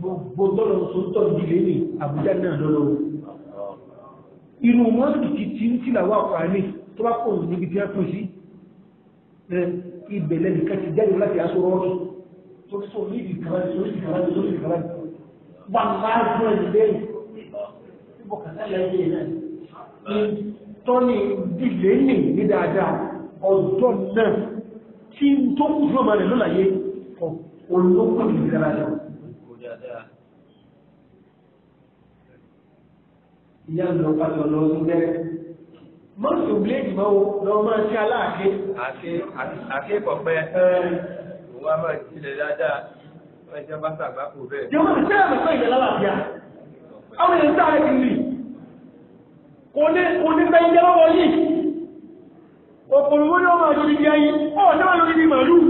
gbogbo tọ́lọ̀ tó tọ̀ nílé ní àbújá náà lọ́lọ́ irú mọ́ọ̀kì tí ń tìlà wà pa ní tó bá pọ̀ níbi tí a pín sí ibẹ̀ lẹ́nu kan ti jáde láti aṣọ rọ́ọ̀kì tó sọ ní ìdìkàlá tó sì kàlá tó sì kàlá wà máa fún ẹni lẹ́yìn níbo kàtà lẹ́yìn náà tọ́ni dìlé ní ní dáadáa ọ̀dọ́ náà tí tó kù fún rẹ̀ lọ́la olókùn ní ìlera lọ. ìyá ń lọ pàtó lọ sí bẹ́ẹ̀. mọ́tò bíléèdì máa wo lọ máa ṣe aláàké. àké àké kọ̀pẹ́ òun á máa jílẹ̀ dáadáa wọ́n jẹ́ bá sàgbà kò bẹ́ẹ̀. yọ̀wọ́n ti sẹ́yà mẹ́fẹ́ ìyá lálàáfíà. àwọn èèyàn sáré ti rì. kò ní kò ní bẹ́ẹ̀ jẹ́ lọ́wọ́ yìí. òpòlùwọ́ yóò máa lórí di ayé. ọ̀ náà lórí di màlúù.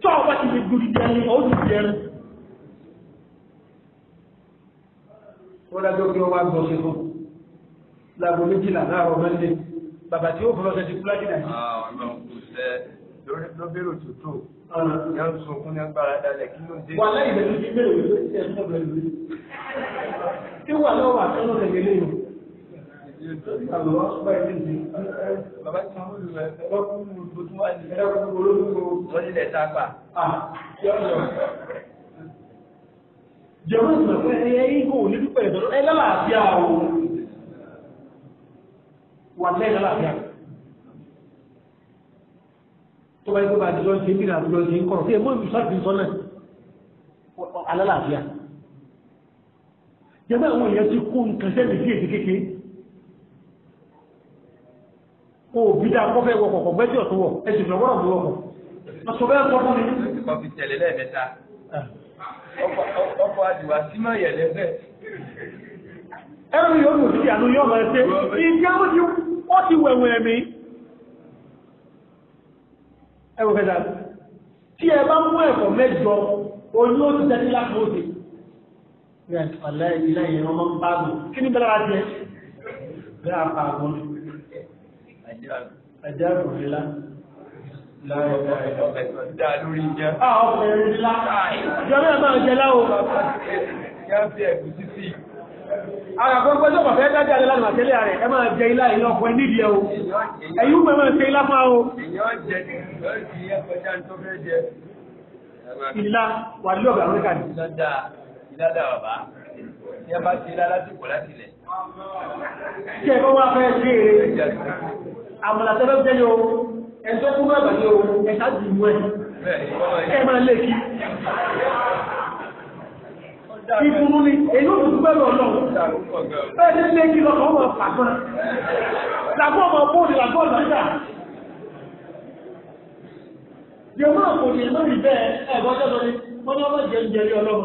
tó ọba ti lè gbòdì dẹni ó ti dẹni. ó dájọ́ kí wọ́n wá gbọ́ sí fún láago méjìlá láàárọ̀ mẹ́lẹ̀ bàbá tí ó fọwọ́ sẹ́ ti kú láti dàní. Ah, ọ̀nà kò sẹ́ lóbèrè òtútù yà ń sunkún ní agbára dalẹ̀ kí ló dé. wà láyé ìgbẹ́ tó ti bẹ̀rẹ̀ òwe tó ti ẹ̀ fún ọ̀bẹ̀rẹ̀ òwe. tí wà lọ́wọ́ àtọ́nà tẹ̀lé lẹ́yìn. Jọ̀wọ́ ìsìnkú ẹyẹ ìgbò ní pípẹ̀ ìdọ̀rọ̀ ẹ lálàáfíà o. Wà lẹ́yìn lálàáfíà. Tó bá yẹ kó bá jọ ṣe ń bí ìrìnàjò ṣe ń kọ̀rọ̀ sí ẹgbẹ́ ìṣọ́ọ̀tì sọ́nà. Alálàáfíà jẹgbẹ́ àwọn èèyàn ti kó nǹkan sẹ́lẹ̀ sí èdè kékeré kò bí dáa kọ́ fẹ́ wọkọ̀ kọ̀ gbẹ́jì ọ̀tún wọ̀ ẹ sì fi lọ́wọ́rọ̀ tó wọkọ̀ ọ̀sọ̀ bẹ́ẹ̀ kọ́ fún mi. ọkọ̀ fi tẹ̀lé lẹ́ẹ̀mẹ́ta ọkọ̀ àdìwà símọ̀ yẹ̀lẹ́ bẹ́ẹ̀. ẹrù yóò lò sí àánú yóò máa ṣe ìdí àwọn ti ó ti wẹ̀wẹ̀ mi. ẹ wò fẹ́ta tí ẹ bá mú ẹ̀kọ́ mẹ́jọ oyún ó ti tẹ́tí láti ó ti. bẹ́ẹ̀ ọ̀lẹ́ ìdílé yẹn wọ́n máa ń bá Ẹjẹ́ òfin lá. Dá lórí jẹ́. Á ọkùnrin rí lá. Ìjọba ẹ̀ máa jẹ láwo. Kí á fi ẹ̀kú títì. Ara kan pẹ́ sọ̀rọ̀ fẹ́ dájà lé lánàá tẹ́lẹ̀ rẹ̀, ẹ máa jẹ ilá ìlú ọkùnrin nídìí ẹ o. Ẹ̀yìn pẹ̀ máa ṣe ilá fún o. Èèyàn jẹ ní ìlú ìdí ẹ̀kọ́jà tó fẹ́ jẹ. Ilá wà lọ́ọ̀gà Amẹ́ríkà ni. Ìlọ́dà ìlọ́dà bàbá ní a bá ti ilá lásìkò láti lẹ̀. Ṣé ẹ bá wá fẹ́ ṣe é? àmàlàtẹ́fẹ́ jẹ́ yóò ẹ̀tọ́ kúrò ẹ̀bà yóò ẹ̀ta jì mú ẹ̀ ẹ̀ máa lè kí ìfúnú ni èyí ò tún bẹ́rù ọlọ́run bẹ́ẹ̀ ní lè kí lọ́kọ̀ ọmọ pàtàkì làgbọ́ ọmọ bóòdì làgbọ́ ọ̀dọ́jà yóò máa kò ní lórí bẹ́ẹ̀ ẹ̀gbọ́n jẹ́ lórí wọ́n ní ọmọ jẹ́ ń jẹ́rí ọlọ́run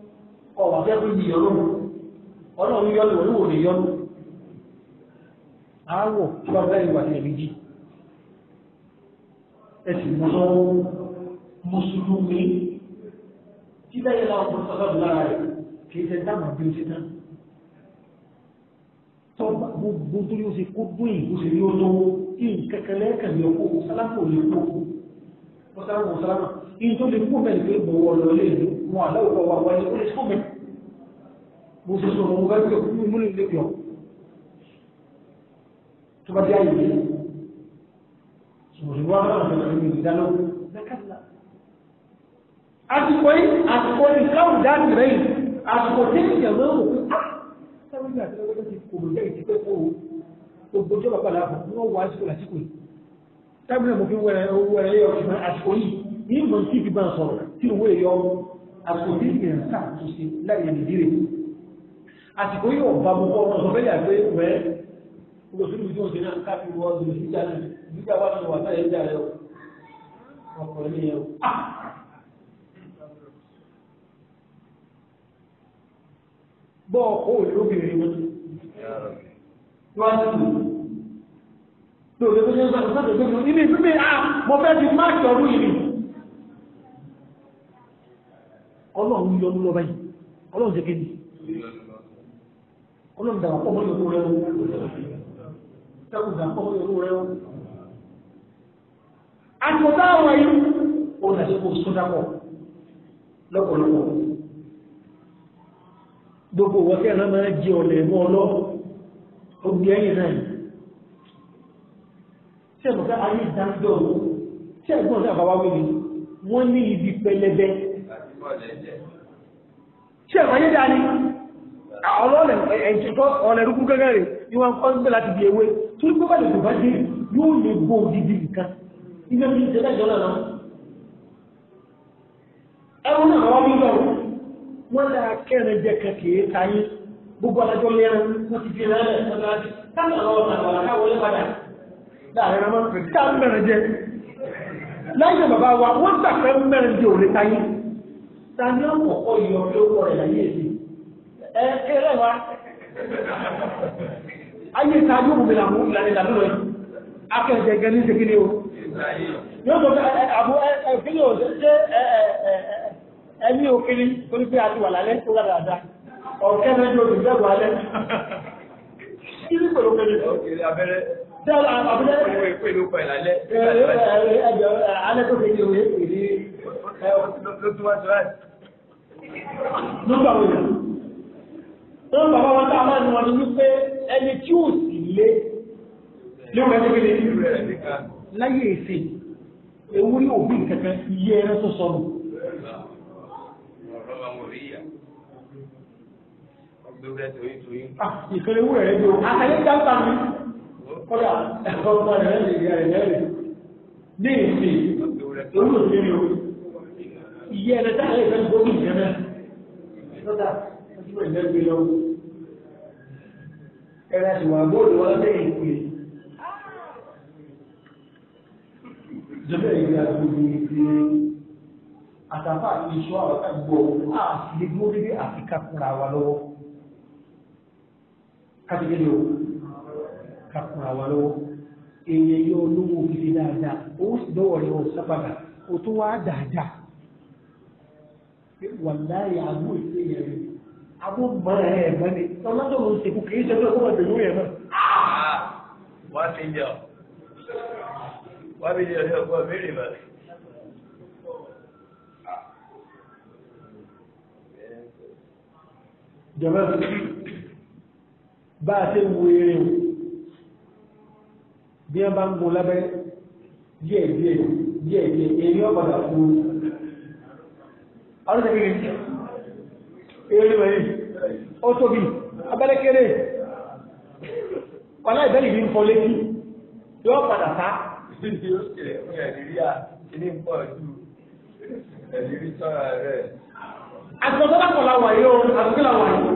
ọ̀wà fẹ́ kó di yọlọ́run ọlọ́run yọlù olúwo lè yọlù àáwọ̀ tí wọ́n fẹ́ ìwà ní ẹ̀mí jì ẹ̀sìn mọ́tọ́ mùsùlùmí tí bẹ́ẹ̀ lọ́wọ́ kò sọ́dọ̀ lára rẹ̀ kì í ṣe dáàmú bí ó ṣe tán tọ́ba gbogbo tó yóò ṣe kó dún ìlú ṣe yóò tó nǹkankan lẹ́ẹ̀kan ní ọkọ̀ sálámù ò lè kó sálámù sálámù ìyẹn tó lè kó bẹ́ẹ̀ ni pé bọ̀wọ̀ lọ lé ìlú wọn àlọ́wọ́ wà wọlé ó lè sọ mi mo sì sọ̀rọ̀ mo bá gbé òkú mi múlò lè yọ tó bá dé àyè mi ṣùgbọ́n wọn náà lọ sí mi dáná àsìkò yìí àsìkò yìí káwọn dáàbì rẹ yìí àsìkò tí ènìyàn máa ń wò pé ah sábà ní àti lọ́wọ́ ti kò lóye ìdí pé kó o gbójú bàbá làbọ̀ ní wọ́n wọ àsìkò làsìkò yìí sábà ní àmọ́ fi wẹ̀rẹ̀ owó ẹ̀rẹ́ yọ ọ̀sùn àsìkò yìí ní ìmọ̀ tí ìbí bá ń sọ̀rọ̀ tí àsìkò tí ìyẹn ń ṣàtúnṣe láì nìdíre àsìkò yóò bá gbogbo ọmọ sọ fẹ́lẹ̀ àgbẹ̀ wẹ́ olùsùnú ìdí òṣèlú náà káfí wọ ọdún ìdíjà náà ìdíjà wà nínú wàtá ìdíjà rẹ o ah! ọkọ̀ ilé yẹn o. bọ́ ọkọ̀ òní lóbìnrin wọn wọ́n ti lò lórí ẹgbẹ́ sọ́dọ̀ tó ń bọ̀ nínú ìfúnmi à mọ̀ fẹ́ fi máàkì ọdún yìí ọlọ́run yọ lọ báyìí ọlọ́run jẹ́ kéde ọlọ́run dàgbà pọ̀ mọ́ rẹ o sẹ́kùn dàgbà pọ̀ mọ́ rẹ o. àtúntà àwọn yìí ó dàgbà kó sódà pọ̀ lọ́pọ̀lọpọ̀ gbogbo wọ́n tẹ́ ẹ̀rọ máa jẹ ọ̀lẹ̀ mọ́ ọlọ́ ogun ẹ̀yìn náà tí ẹ̀mọ̀ká ayé ìdájọ́ tí ẹ̀gbọ́n sí àbáwá wí wọ́n ní ibi pẹlẹbẹ ṣé ẹ̀kọ́ yé dáa ni ọlọ́ọ̀lẹ̀ ẹ̀jẹ̀kọ́ ọ̀lẹ̀ gẹ́gẹ́ rẹ̀ ni wọ́n kọ́ gbé láti di ewé tó ń gbọ́dọ̀ tó bá dé yóò lè gbó odidi nìkan lẹ́jọ́ náà wọ́n wọ́n lè kẹ́rin jẹ́ kẹ́kẹ́ táyé gbogbo alájọ́ wọ́n ti fi padà láàrin ọmọ tàbí yọ ó èdè ẹ wa ayé ta yóò wù làmú ìlànà ìlànà rẹ̀ akẹ́jẹgẹ ní ìṣèkìlẹ̀ o yóò tó fẹ́ àbú ẹ̀fílẹ̀ ṣe ẹ̀mí òkiri torí pé a ti wà lálẹ́ tó rà dáadáa ọ̀kẹ́ mẹ́jọ abẹ́rẹ́ pẹ̀lú alẹ́. alẹ́ tó fi ní òye pèlú ẹ ló tún wá ṣe nígbà wo yẹn wọn bàbá wọn tá a máa nu wọn ni wípé ẹni tí ò sì lé léwu ẹni kékeré láyé èsè ewúrẹ́ òbí kẹ̀kẹ́ iye ẹran tó sọnù. ìkẹlẹ ewúrẹ́ rẹ bí o àtàlẹ dáńtà mi kódà ọgbà rẹ lè rí rẹ lẹ ní èsè olóòtú ni o ìyẹ́ ẹ̀rẹ́ tá àlẹ́ ìfẹ́ gbóògùn ìjẹ́ náà lọ́dà ọdún ìjẹ́ gbé lọ ẹ̀rẹ́ àti wà bóòlù wọn lẹ́yìn ìpè ìjọba ìgbé àgbègbè ìgbé àtàfà àti ìṣọ́ àwọn ẹgbẹ́ òun á lè dúró dédé àti kakura wa lọ́wọ́ kábíyèlè o kakura wa lọ́wọ́ èèyàn yóò lówó òfìfì dáadáa ó sì lọ́wọ́ rẹ̀ ó sábàgà ó tó wá dáadáa pé wàláyé àbú ìṣe yẹn rí àbú mọ ẹ mọ ni ọlọ́dọ̀ ló ń ṣe kú kì í ṣe pé kó wọ́n bẹ̀rù yẹn mọ́. wọ́n ti jọ wọ́n ti jọ ní ọgbọ́n mi rìn mọ́. jọba bá a ṣe wo eré o bí wọ́n bá ń gun lábẹ́ díẹ̀ díẹ̀ díẹ̀ díẹ̀ èyí ọ̀padà fún un ọdún tẹ́kì ní ilé mẹ́rin ó tóbi abẹ́lẹ́kẹ́rẹ́ wà láì bẹ́lì ní nǹkan létí yóò padà sá. àtúntò dàpọ̀ la wà yìí o àtúntò la wà yìí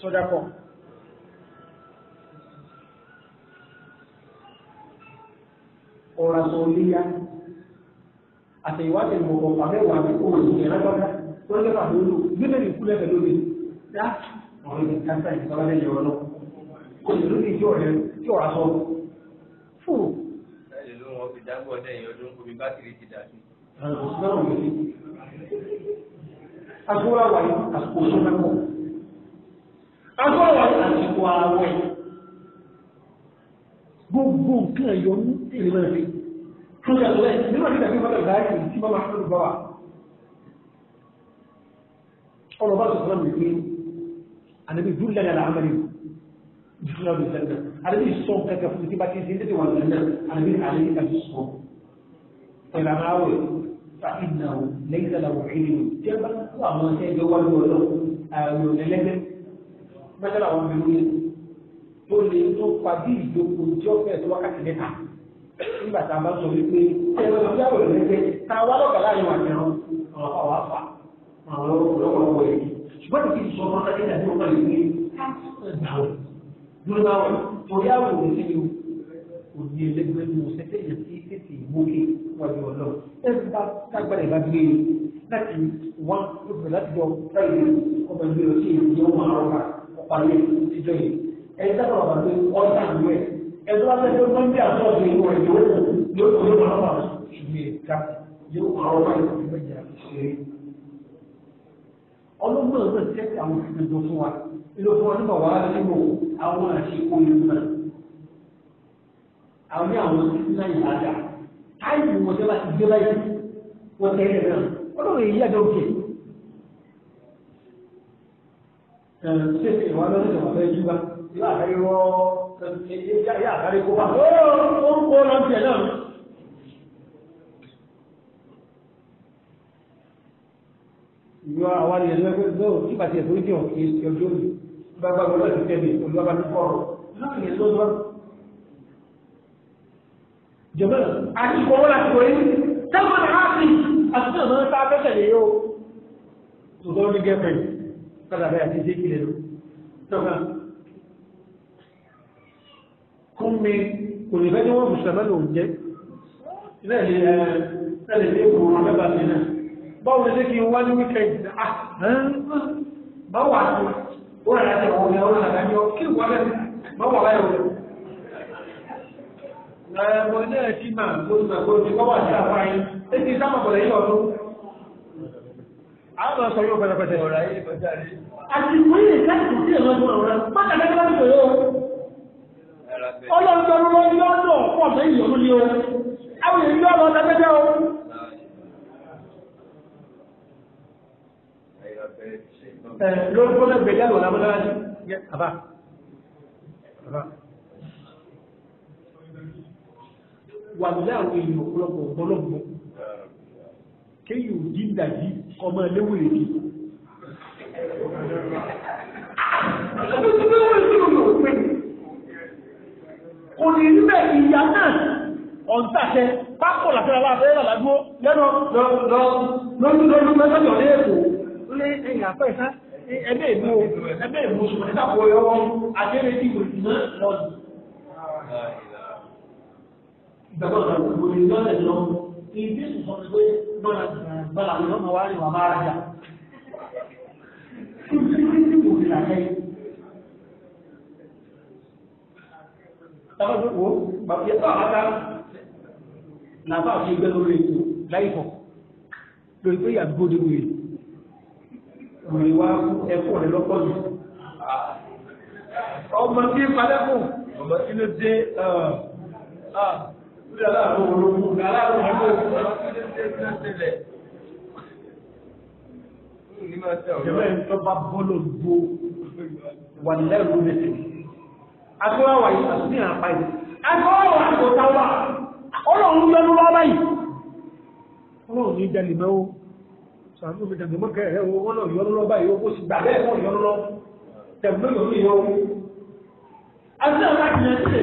sọjà pọ̀. ọ̀rọ̀ àtọ̀ òlíyá àtẹ̀yìnwájú ìmọ̀kọ̀ àbẹ̀wò àbíkò òṣìṣẹ́ lágbàdá tó ń jẹ́ pàdé olú gbẹ́dẹ̀ ní kúlẹ̀ pẹ̀lú mi dá àwọn ibi káńtà ìgbàlẹ̀ yọ̀rọ̀ lọ kò sì lórí ìjọ rẹ tí ọ̀rá sọ fún. ẹ ló wọn fi dágbọ ọdẹ yẹn ọdún kò bí bátìrì ti dà sí. àsìkò àwà yìí àsìkò sọ́nàkọ̀ àsìkò àwà yìí àsìkò àwẹ̀ gbogbo nǹkan ẹ̀yọ́ ní èrè mẹ́rin sọ́jà tó lẹ́yìn nínú àti ìdàgbé mọ́tò ìdáyé kìí tí mọ́mọ́ àti olùgbọ́wà ọ̀rọ̀ bá sọ̀rọ̀ mi pé ànábi dúlẹ̀ yàrá amẹ́lẹ́ dúlẹ̀ ọdún sẹ́lẹ̀ ànábi sọ kẹkẹ fún ti bá ti sin tètè wọn lẹ́lẹ̀ ànábi àlẹ́ àti sọ pẹ̀lú àwọn awẹ̀ fàfi nà ó lẹ́yìn sẹ́lẹ̀ wọ̀ ẹ̀yìn ní tí a bá kó àwọn ẹ̀ṣẹ́ ẹgbẹ́ wà lọ́wọ́ lọ àwọn ẹlẹ́gbẹ́ mẹ́tẹ́lá wọn bẹ̀rù yẹn tó lè tó pa bí ìjókòó tí ó fẹ́ tó wákàtí mẹ́ta nígbà tá a bá sọ wípé ẹgbẹ́ tó jáwé rẹ̀ pé ta wá lọ́kà láàrin wà jẹun ọ̀rọ̀ àwọn àfà àwọn ọlọ́pọ̀lọpọ̀ èyí ṣùgbọ́n tí kìí sọ fún ọ̀sán nígbà tí wọ́n kọ́ lè ní káàkiri dúró náà torí àwọn òun sí ni òní ẹlẹgbẹ́ ní oṣù tẹ́lẹ̀ yẹn sí tètè ìmókè wájú ọlọ́ ẹ bá tágbára ìbá gbé e láti wá lóṣù láti jọ láìpẹ́ ọmọ ìgbé lọ sí ìdíyẹ́wọ̀n àrọ́kà ọ̀pá yẹn ti jọ yìí ẹ̀ ẹ̀dọ́ bá tẹ́tẹ́ wọ́n bí àtọ́sí ìwọ̀ ìlú yóò tó yóò máa wà ìgbé ìta yóò máa wà ìgbé ìjà ìṣeré. ọlọ́gbọ́n náà tẹ́tẹ́ àwọn ìgbẹ́jọ fún wa ilé fún wa nípa wàhálà àwọn àṣekò ìlú náà. àwọn ní àwọn tí náà yà á táyì wọn jẹ́ láti gbé láyé wọ́n tẹ́lẹ̀ náà wọ́n lọ́wọ́ èyí àjọ òkè. ṣé ìwà lọ́sẹ̀ wà fẹ́ Yá àbárí kó bá. Ó ń kó lọ tiẹ̀ náà. Ìyọ àwọn ilẹ̀ lọ́wọ́ lọ́wọ́ tí bàtí ẹ̀sọ́ jẹ́ òkè ọjọ́ mi. Bàbá gbọ́dọ̀ ti tẹ̀lé olúwa bá ti kọ̀rọ̀. Lọ́wọ́ yẹn ló lọ. Jọ̀bọ́n, àti ìkọ̀wọ́ láti wọlé. Sẹ́wọ̀n ní Áfíì, àti náà lọ́wọ́ tá fún mi kò ní fẹ́ tí wọ́n fùsùn mẹ́lò ń jẹ́ lẹ́lẹ̀ ní kò rán mẹ́bà sí náà báwo lè kí wá ní wíkẹ̀ndì ah, báwà tó ó rà láti ọ̀wọ́ ní ọ̀rọ̀ àdájọ́ kí wọ́n lẹ́ báwà láyé ọ̀rọ̀ ẹ̀mọ̀ náà kí máa gbóṣùgbàgbó ti kọ́wà sí àfáyín tí ti sáàmà bọ̀lẹ̀ yìí ọdún àwọn sọ yóò pẹ̀lẹ̀pẹ̀lẹ̀ ọ̀rọ̀ ayé ìfẹ́járe àti wọ́n yìí káàkiri sí ẹ̀rọ ọ̀rọ̀ pátàkì ọlọ́dún ló ń lọ́dọ̀ pọ̀ mẹ́yìn lọ́dún ni o àwọn èyí yóò lọ tẹ́tẹ́tẹ́ o. ẹ lórí kọ́lẹ́ gbẹ̀dẹ́ lọ́la mọ́lá ní àbá. wà ní àwọn èèyàn ọ̀pọ̀lọpọ̀ ọ̀pọ̀lọpọ̀ kéèyàn ò dín dàjí ọmọ ẹlẹ́wẹ̀rẹ̀ kìí ọdún tí wọ́n wọ́n sí ọmọ kò ní rí bẹ́ẹ̀ ìyá náà ọ̀ǹtàṣẹ pápọ̀ làtẹ́ra wà fẹ́ làlágbó lẹ́nu lọ́dún lọ́dún mẹ́tọ́jọ́ ní èkó lé ẹ̀yìn àpẹ́ ìta ẹgbẹ́ ìmú ẹgbẹ́ ìmú ṣùgbọ́n nígbàpọ̀ ọwọ́ adẹ́rẹ́ tí kò sí náà lọ́dún. ìgbàgbọ́ ọ̀rọ̀ ìgbòho ni lọ́dẹ̀ lọ ìdí sùn sọ pé lọ́dà gbàlà lọ́mọ wa rí wà máa rà táwọn tó wò bàbá yẹtọ àbáta nàbà àti ìgbẹ lórí ètò láìpọ lórí pé yàgbó de wèrè wèrè wá ẹ̀kọ́ rẹ lọkọ o ọmọ tí ń padà kù o tí ló dé wúlò aláàbò olóko aláàbò olóko ọmọ tí ló dé tó tẹ́lẹ̀. Jẹ́bẹ̀ẹ́ ń tọ́ bá bọ́ọ̀lù gbó wà lẹ́rù lẹ́sìn àtúwáwà yìí àtúní àpá yìí àtúwáwà àtúwáwà ọlọ́run yọnu lọ́wọ́ yìí ọlọ́run ní jalè mẹ́wó sàánú mi dàgbé mọ́kẹ́ rẹ̀ wọ́n ọlọ́run yọnu lọ́wọ́ yìí ó sì gbà bẹ́ẹ̀ wọ́n yọnu lọ tẹ̀gbọ́n yọnu yọ àti àwọn àkìyàn sí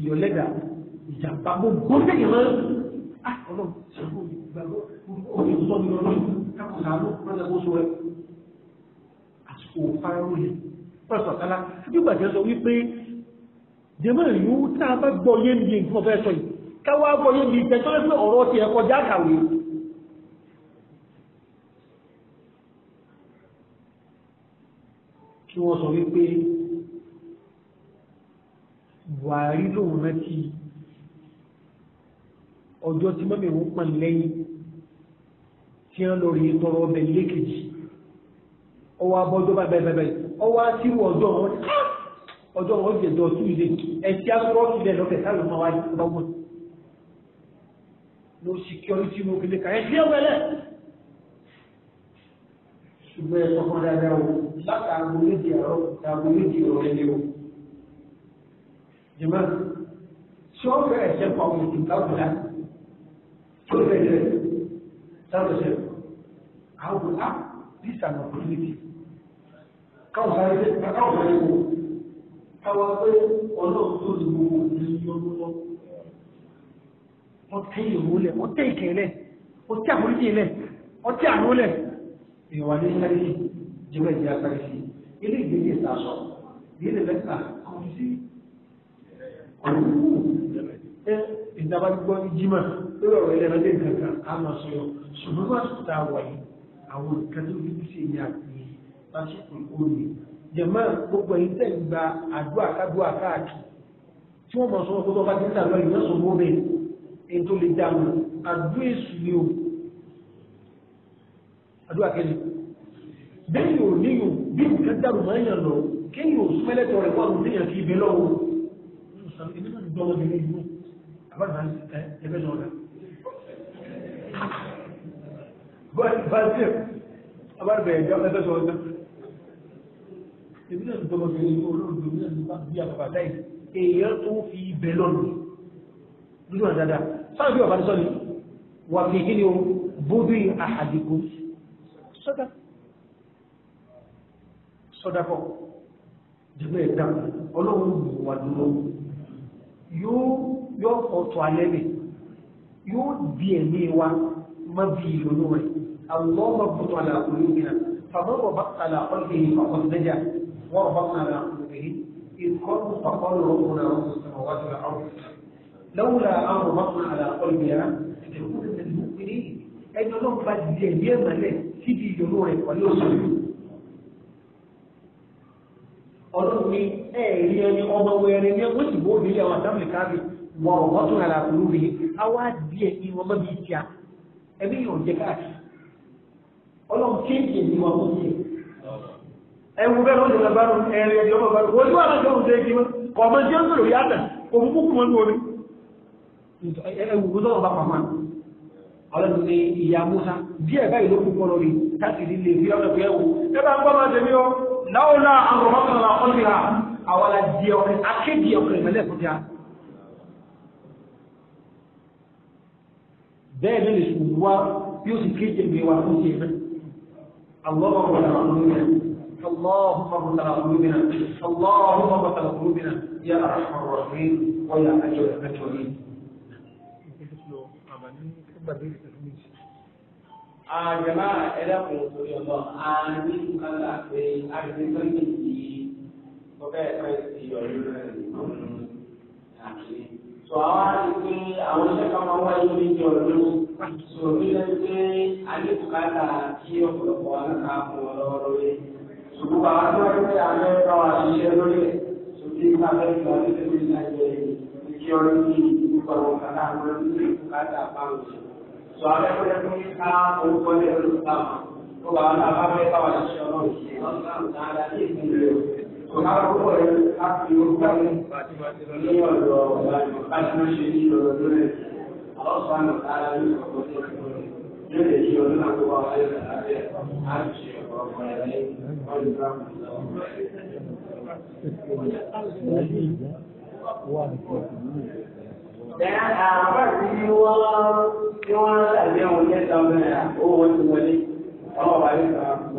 ìyọ̀lẹ́dà ìjàmbá gbogbo tẹ̀yìn mọ́ ah, ọlọ́run ṣàkóso ìgbàgbọ́ orí sọ́ni ọlọ́run sábà sàánú lọ́sẹ̀ kó so rẹ̀ àsìkò fáwọn yẹn wọ́n sọ kálá nígbà tí wọ́n sọ wípé jẹ́mọ́ ìlú tá a bá gbọ́ yé mi nǹkan ọ̀fẹ́ sọ yìí káwá gbọ́ yé mi ìtẹ́tọ́ lẹ́sẹ̀ ọ̀rọ̀ ti tí mọ́mí tí wọ́n lórí tọrọ ọbẹ̀ lékejì ọwọ́ abọ́jọ́ báyìí báyìí ọwọ́ àtìrú ọjọ́ wọn ah! ọjọ́ wọn jẹ dọ̀ tún ilé ẹtí akọ́rọ́ ilẹ̀ lọ́kẹ̀ sálọ máa wáyé ọba wọn ló sì kí ọdún tí mo kéde ká ẹtí ẹwẹlẹ ṣùgbọ́n ẹ̀kọ́ kan dáadáa o látàgbò méjì àárọ̀ tàgbò méjì ọ̀rọ̀ ẹni o jẹ̀mọ́ tí wọ́n fẹ́ ẹ̀ṣẹ̀ pa òun ìdìbò àbúrá tó fẹ́ ẹ̀ṣẹ̀ sábẹ̀ṣẹ̀ how will ah this an opportunity káwọn sáré dé káwọn sáré wo káwọn pé ọlọ́run tó ní gbogbo ní ọdún lọ wọ́n tẹ́ ìrò lẹ̀ wọ́n tẹ́ ìkẹ́ lẹ̀ wọ́n tẹ́ àforíjì lẹ̀ wọ́n tẹ́ àánú lẹ̀ ìwà ní sáré sí jẹ́wọ́ ìdí asáré sí ilé ìgbésẹ̀ sàṣọ ilé lẹ́tà kọ́ọ̀tù sí ọ̀rọ̀ ẹ ìdábàgbọ́ ìjímà lórí ọ̀rọ̀ ilẹ̀ ẹ̀rọ dé nǹkan kan á àwọn nǹkan tó dúdú sí ní àti lásìkò òní jẹ̀mọ́ gbogbo ẹ̀yìn tẹ̀ ń gba àdúrà kádùá káàkiri tí wọ́n mọ̀ sọ wọn tó bá ti ń tà lọ́yìn náà sọ̀rọ̀ bẹ́ẹ̀ ètò lè dà mọ́ àdúrà èṣù ni o àdúrà kẹ́lẹ́ bẹ́ẹ̀ yóò níyò bí nǹkan dàrú máa ń yàn lọ kéèyàn ò súnmẹ́lẹ́tọ̀ rẹ̀ wọ́n ń níyàn kí ibẹ̀ lọ́wọ́ ẹgbẹ́ sọ̀rọ̀ budget আবার বেড়ে যাও এটা সহজ না ìbílẹ̀ ìjọba bẹ̀rẹ̀ ní olóòdò ní ẹ̀lúgbà bí àbàbà láì èèyàn tó fi ibẹ̀ lọ́nà nínú àdádá sáà bí o bóbí àhàdìkú sọ́dá sọ́dá kọ́ jẹ́gbẹ́ ẹ̀dá ọlọ́run wà dúró yóò yọ ọ̀tọ̀ alẹ́ mi yóò di ẹ̀mí wa má bí اللهم اربط على قلوبنا فمن ربطت على قلبه فقد نجا وربطنا على قلوبه إذ قالوا فقالوا ربنا رب السماوات والأرض لولا أن ربطنا على قلبها لتكون من المؤمنين أين لهم بعد جهيما له سيدي جنوره وليوصل ọlọ́run ní ẹ̀ẹ́rí ẹni ọmọ wẹ̀rẹ̀ ní ọgbọ́n ìbò òdílé àwọn àtàmì káàbì wọ̀rọ̀ wọ́n tún ara kúrú rí awá díẹ̀ ní ọmọ bíi tíá ẹbí yóò jẹ káàkiri ọlọ́run kéèké ní wọn kó sí ẹ wo bẹ́ẹ̀ lọ́sẹ̀ náà bá rún ẹ̀rìn ẹ̀dì ọmọ bá rún ojú àwọn ọjọ́ òun tẹ́ẹ̀kì mọ́ kọ̀ ọmọ tí ó ń sọ̀rọ̀ yá tà òun kúkú mọ́ lórí ẹ wù ú sọ̀rọ̀ bá pàmò ọlọ́run ní ìyá Musa díẹ̀ báyìí ló kú kọ́ lórí láti rí lè fi ọ̀nà pé ẹ̀wò ẹ bá ń gbọ́ máa tẹ̀mí ọ náà náà àwọn ọmọ kan náà ọ̀sìn ra àwọn adìẹ ọkùnrin akéde ọkùnrin mẹ́lẹ̀ fún ya bẹ́ẹ̀ ló lè sùn wá bí ó sì kéde ìgbé fún ti ẹ̀fẹ́ اللهم اغفر قلوبنا اللهم اغفر قلوبنا اللهم اغفر قلوبنا يا ارحم الراحمين ويا اجل الاجلين àjẹmá ẹlẹ́kùn torí ọ̀nà àní kálá pé àgbẹ̀sọ́ ní ti ọbẹ̀ ẹ̀fẹ́ ti ọ̀rọ̀ rẹ̀ nínú àkìlẹ̀. sọ àwọn àti pé àwọn iṣẹ́ kan máa wáyé ní ìjọ lóṣù so nígbà pé alẹ́ bùkátà tí ọ̀pọ̀lọpọ̀ alága mọ̀ lọ́wọ́ lórí ṣùgbọ́n bàbá tó wáyé pé àwọn ẹ̀rọ àṣìṣe lórí ẹ̀ tó bí ká bẹ́ẹ̀ lọ nílé ní ìlàjẹ ìdí ọdún ní ìdúpọ̀ àwọn kàdá àwọn ẹgbẹ́ bùkátà báwọn ṣe sọ alẹ́ pé ẹgbẹ́ ká orúkọ lẹ̀ ló sáwọn tó bàbá náà bá fẹ́ káwọn àṣìṣe ọlọ́run ṣe lọ́sàn-án dáadáa ní ìpínlẹ̀ Ọ̀gáwọ̀ ọlọ́sàn náà kára ní ọ̀pọ̀ tó ti kúrò yóò lè yí ọdún náà tó wà wáyé lábẹ́